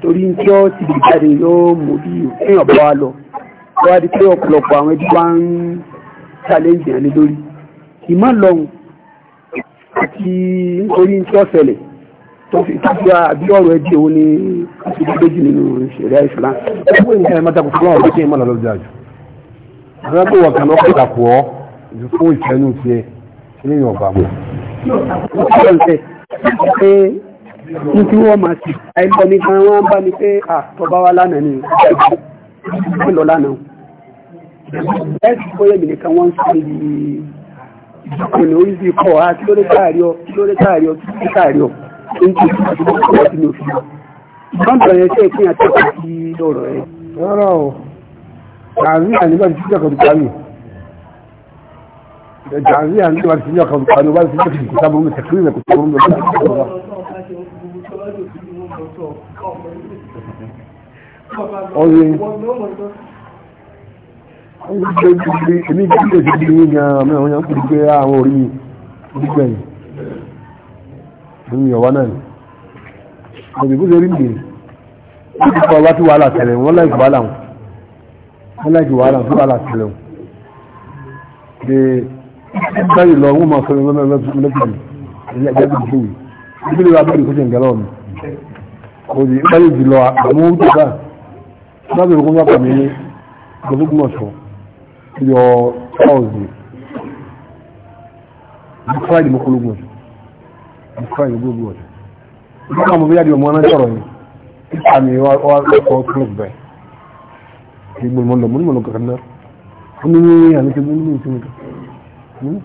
torí ń tí ó ti lè jáde yóò mú bí èèyàn bá wa lọ wá di pé ọ̀pọ̀lọpọ̀ àwọn ẹbí wa ń ṣàlẹ́yìn ìrìn lórí ìmọ̀ àti orí ń tí ó ṣẹlẹ̀ tó fi tábíà àbí ọ̀rọ̀ ẹdí òun ni àtìgbẹ́jì nínú ìṣẹ̀lẹ̀ ìṣẹ̀lá ẹgbẹ́ ìṣẹ̀lẹ̀ ẹ̀ mọ́tàkùn fún ọ̀rọ̀ kí ẹ mọ́lá lọ́jà jù àwọn ẹgbẹ́ wọ̀kan lọ́ kọ́ ìtàkù ọ́ fún ìfẹ́nu ti ẹ ní ìyàn ọ̀gbà mọ́. ní kí wọ́n máa ti àìlọ ní kan wọ́n bá ní pé àtọ́bá wa lánàá ni wọ́n lọ lánàá bẹ́ẹ̀ sì kó yẹ̀mì nìkan wọ́n ń sọ níbi orí sí ikọ̀ á kí ló dé káàrí ọ kí ló dé káàrí ọ kí ló dé káàrí ọ Jàríà ní wà sí ọkọ̀ ìpàdé wà sí ọkọ̀ ìpàdé mú tẹ̀kìrì rẹ̀ kò tó mú lọ́pàá ìpàdé. Ọ̀rẹ́ ẹni gbẹ́gbẹ́ ẹni gbẹ́gbẹ́ ẹni gbẹ́gbẹ́ àwọn orí gbígbẹ̀yìn fún mi ọ̀wá náà ni òbí bó ṣe rí nìyẹn wọ́n ti kọ́ wá sí wàhálà tẹ̀lé wọ́n láì kí wàhálà wọn wọ́n láì kí wàhálà sí wàhálà tẹ̀lé wọn pé báyìí lọ wọ́n máa sọ ẹgbẹ́ mẹ́fẹ́ lẹ́kùnrin ilé ẹgbẹ́ bíi fún mi ibi lè wá bẹ́ẹ̀ kó ṣe ń gẹ́lọ́ mi kò sí báyìí jùlọ àmú jùlọ náà bẹ̀rẹ̀ kó ń yàtọ̀ mi destroy the good word nígbà mo bíyà di ọmọ náà sọ̀rọ̀ yìí nípa mi wá wá kọ́ club bẹ́ẹ̀ kí gbogbo lọ mo ní mo lọ kankan náà ó ní àmì kí gbogbo ní ìsinmi kan hmm?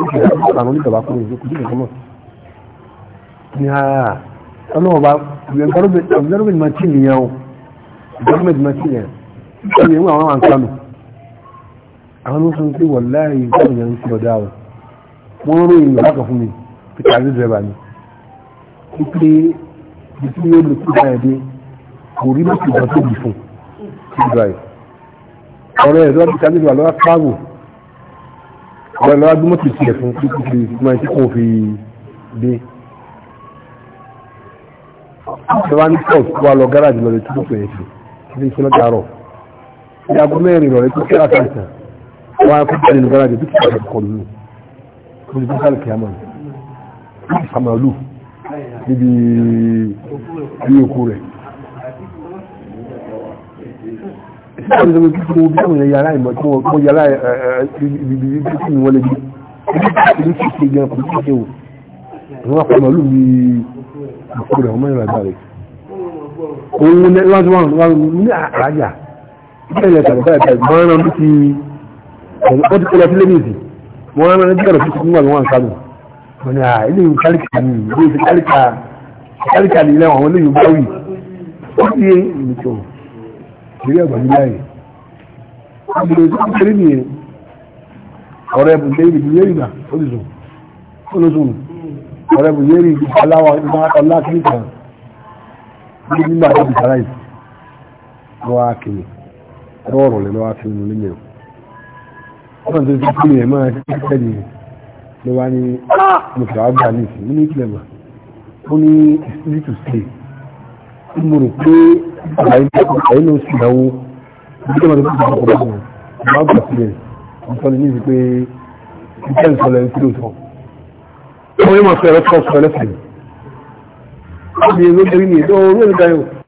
ó kì í sọ àwọn onígbàgbà kúrò yìí kò dìgbà kọ́mọ̀ ní ha ọlọ́wọ́ bá ọ̀gbẹ́rọ́bìnrin máa tì nìyẹn o ọ̀gbẹ́rọ́bìnrin máa tì nìyẹn ó ní àwọn àwọn àǹkanu àwọn ló sọ pé wọ́n láàyè ìgbà ìyẹn ń sọ̀dá o wọ́n ròyìn ìgbà kan fún mi peter azizẹba ni pípé ìtú yóò lè kú báyìí dé kò rí mọ́tò ìgbà tó bì fún ìgbà yìí ọ̀rẹ́ ẹ̀ lọ́wọ́ peter azizẹba lọ́wọ́ pààbò ọ̀rẹ́ lọ́wọ́ bí mọ́tò ìtìlẹ̀ fún pípé ìgbà tí kò fi dé ìjọba ní port wà lọ gáràjì lọ lè tún mọ́tò yẹn ṣe ilé iṣẹ́ lọ́jà rọ̀ ní aago mẹ́rin lọ lè tún kẹ́rà sáìsàn wọ́n á kó jáde ní gáràjì tó kí kàmàlù níbi ilé òkú rẹ̀ ìsìnkú ìjọba kí mo bí àwọn yàrá ìmọ̀ tí wọ́n yàrá ibi tí wọ́n lè bí ibi tí ṣe gan kò tí ṣe wò wọ́n kàmàlù ní òkú rẹ̀ ọmọ ìrìnàjò rẹ̀ òun ní wọ́n tún wọ́n ní àrájà ìpínlẹ̀ ìtàgbà ìtàgbà mọ́ràn bí ti ọdún kọlọ sílé nìyí mọ́ràn bí ti ọ̀rọ̀ fífi fún àwọn àǹkàdùn wọ́n ah, ni à iléyìn kálíkà ní ìlú ti kálíkà kálíkà ní ilé àwọn iléyìn báwì ó ti yé ìlúkọ ìrírí ọ̀gbọ̀n ní láyé àbúrò tó ń kéré nìyẹn ọ̀rẹ́ ẹ̀bùn tẹ́ ìbí yẹ́rì náà ó ti sùn ó ló sùn ọ̀rẹ́ ẹ̀bùn yẹ́rì ìgbà nígbà tó ti sára yìí lọ́wọ́ akéwì lọ́wọ́ lẹ́lọ́wọ́ akéwì nínú ilé yẹn tó ti kú nìyẹn máa ti kẹ́kẹ́ nìyẹn ló wá ní mo fẹ́ àgbà ní ìsìn nínú ìkìlẹ̀ mà ó ní easy to stay mo rò pé àlàyé àlàyé ló sì náwó bí kí wọ́n ti gbà ọkọ̀ báwọn ọmọ àgbà sílẹ̀ mo sọ ní níbi pé iṣẹ́ ìsọlẹ̀ ń kílò sọ. wọ́n yóò máa fẹ́ ẹ̀rọ tó sọ ẹlẹ́sìn. ó ní ló ń tẹ́rí ní ètò orí ẹ̀rọ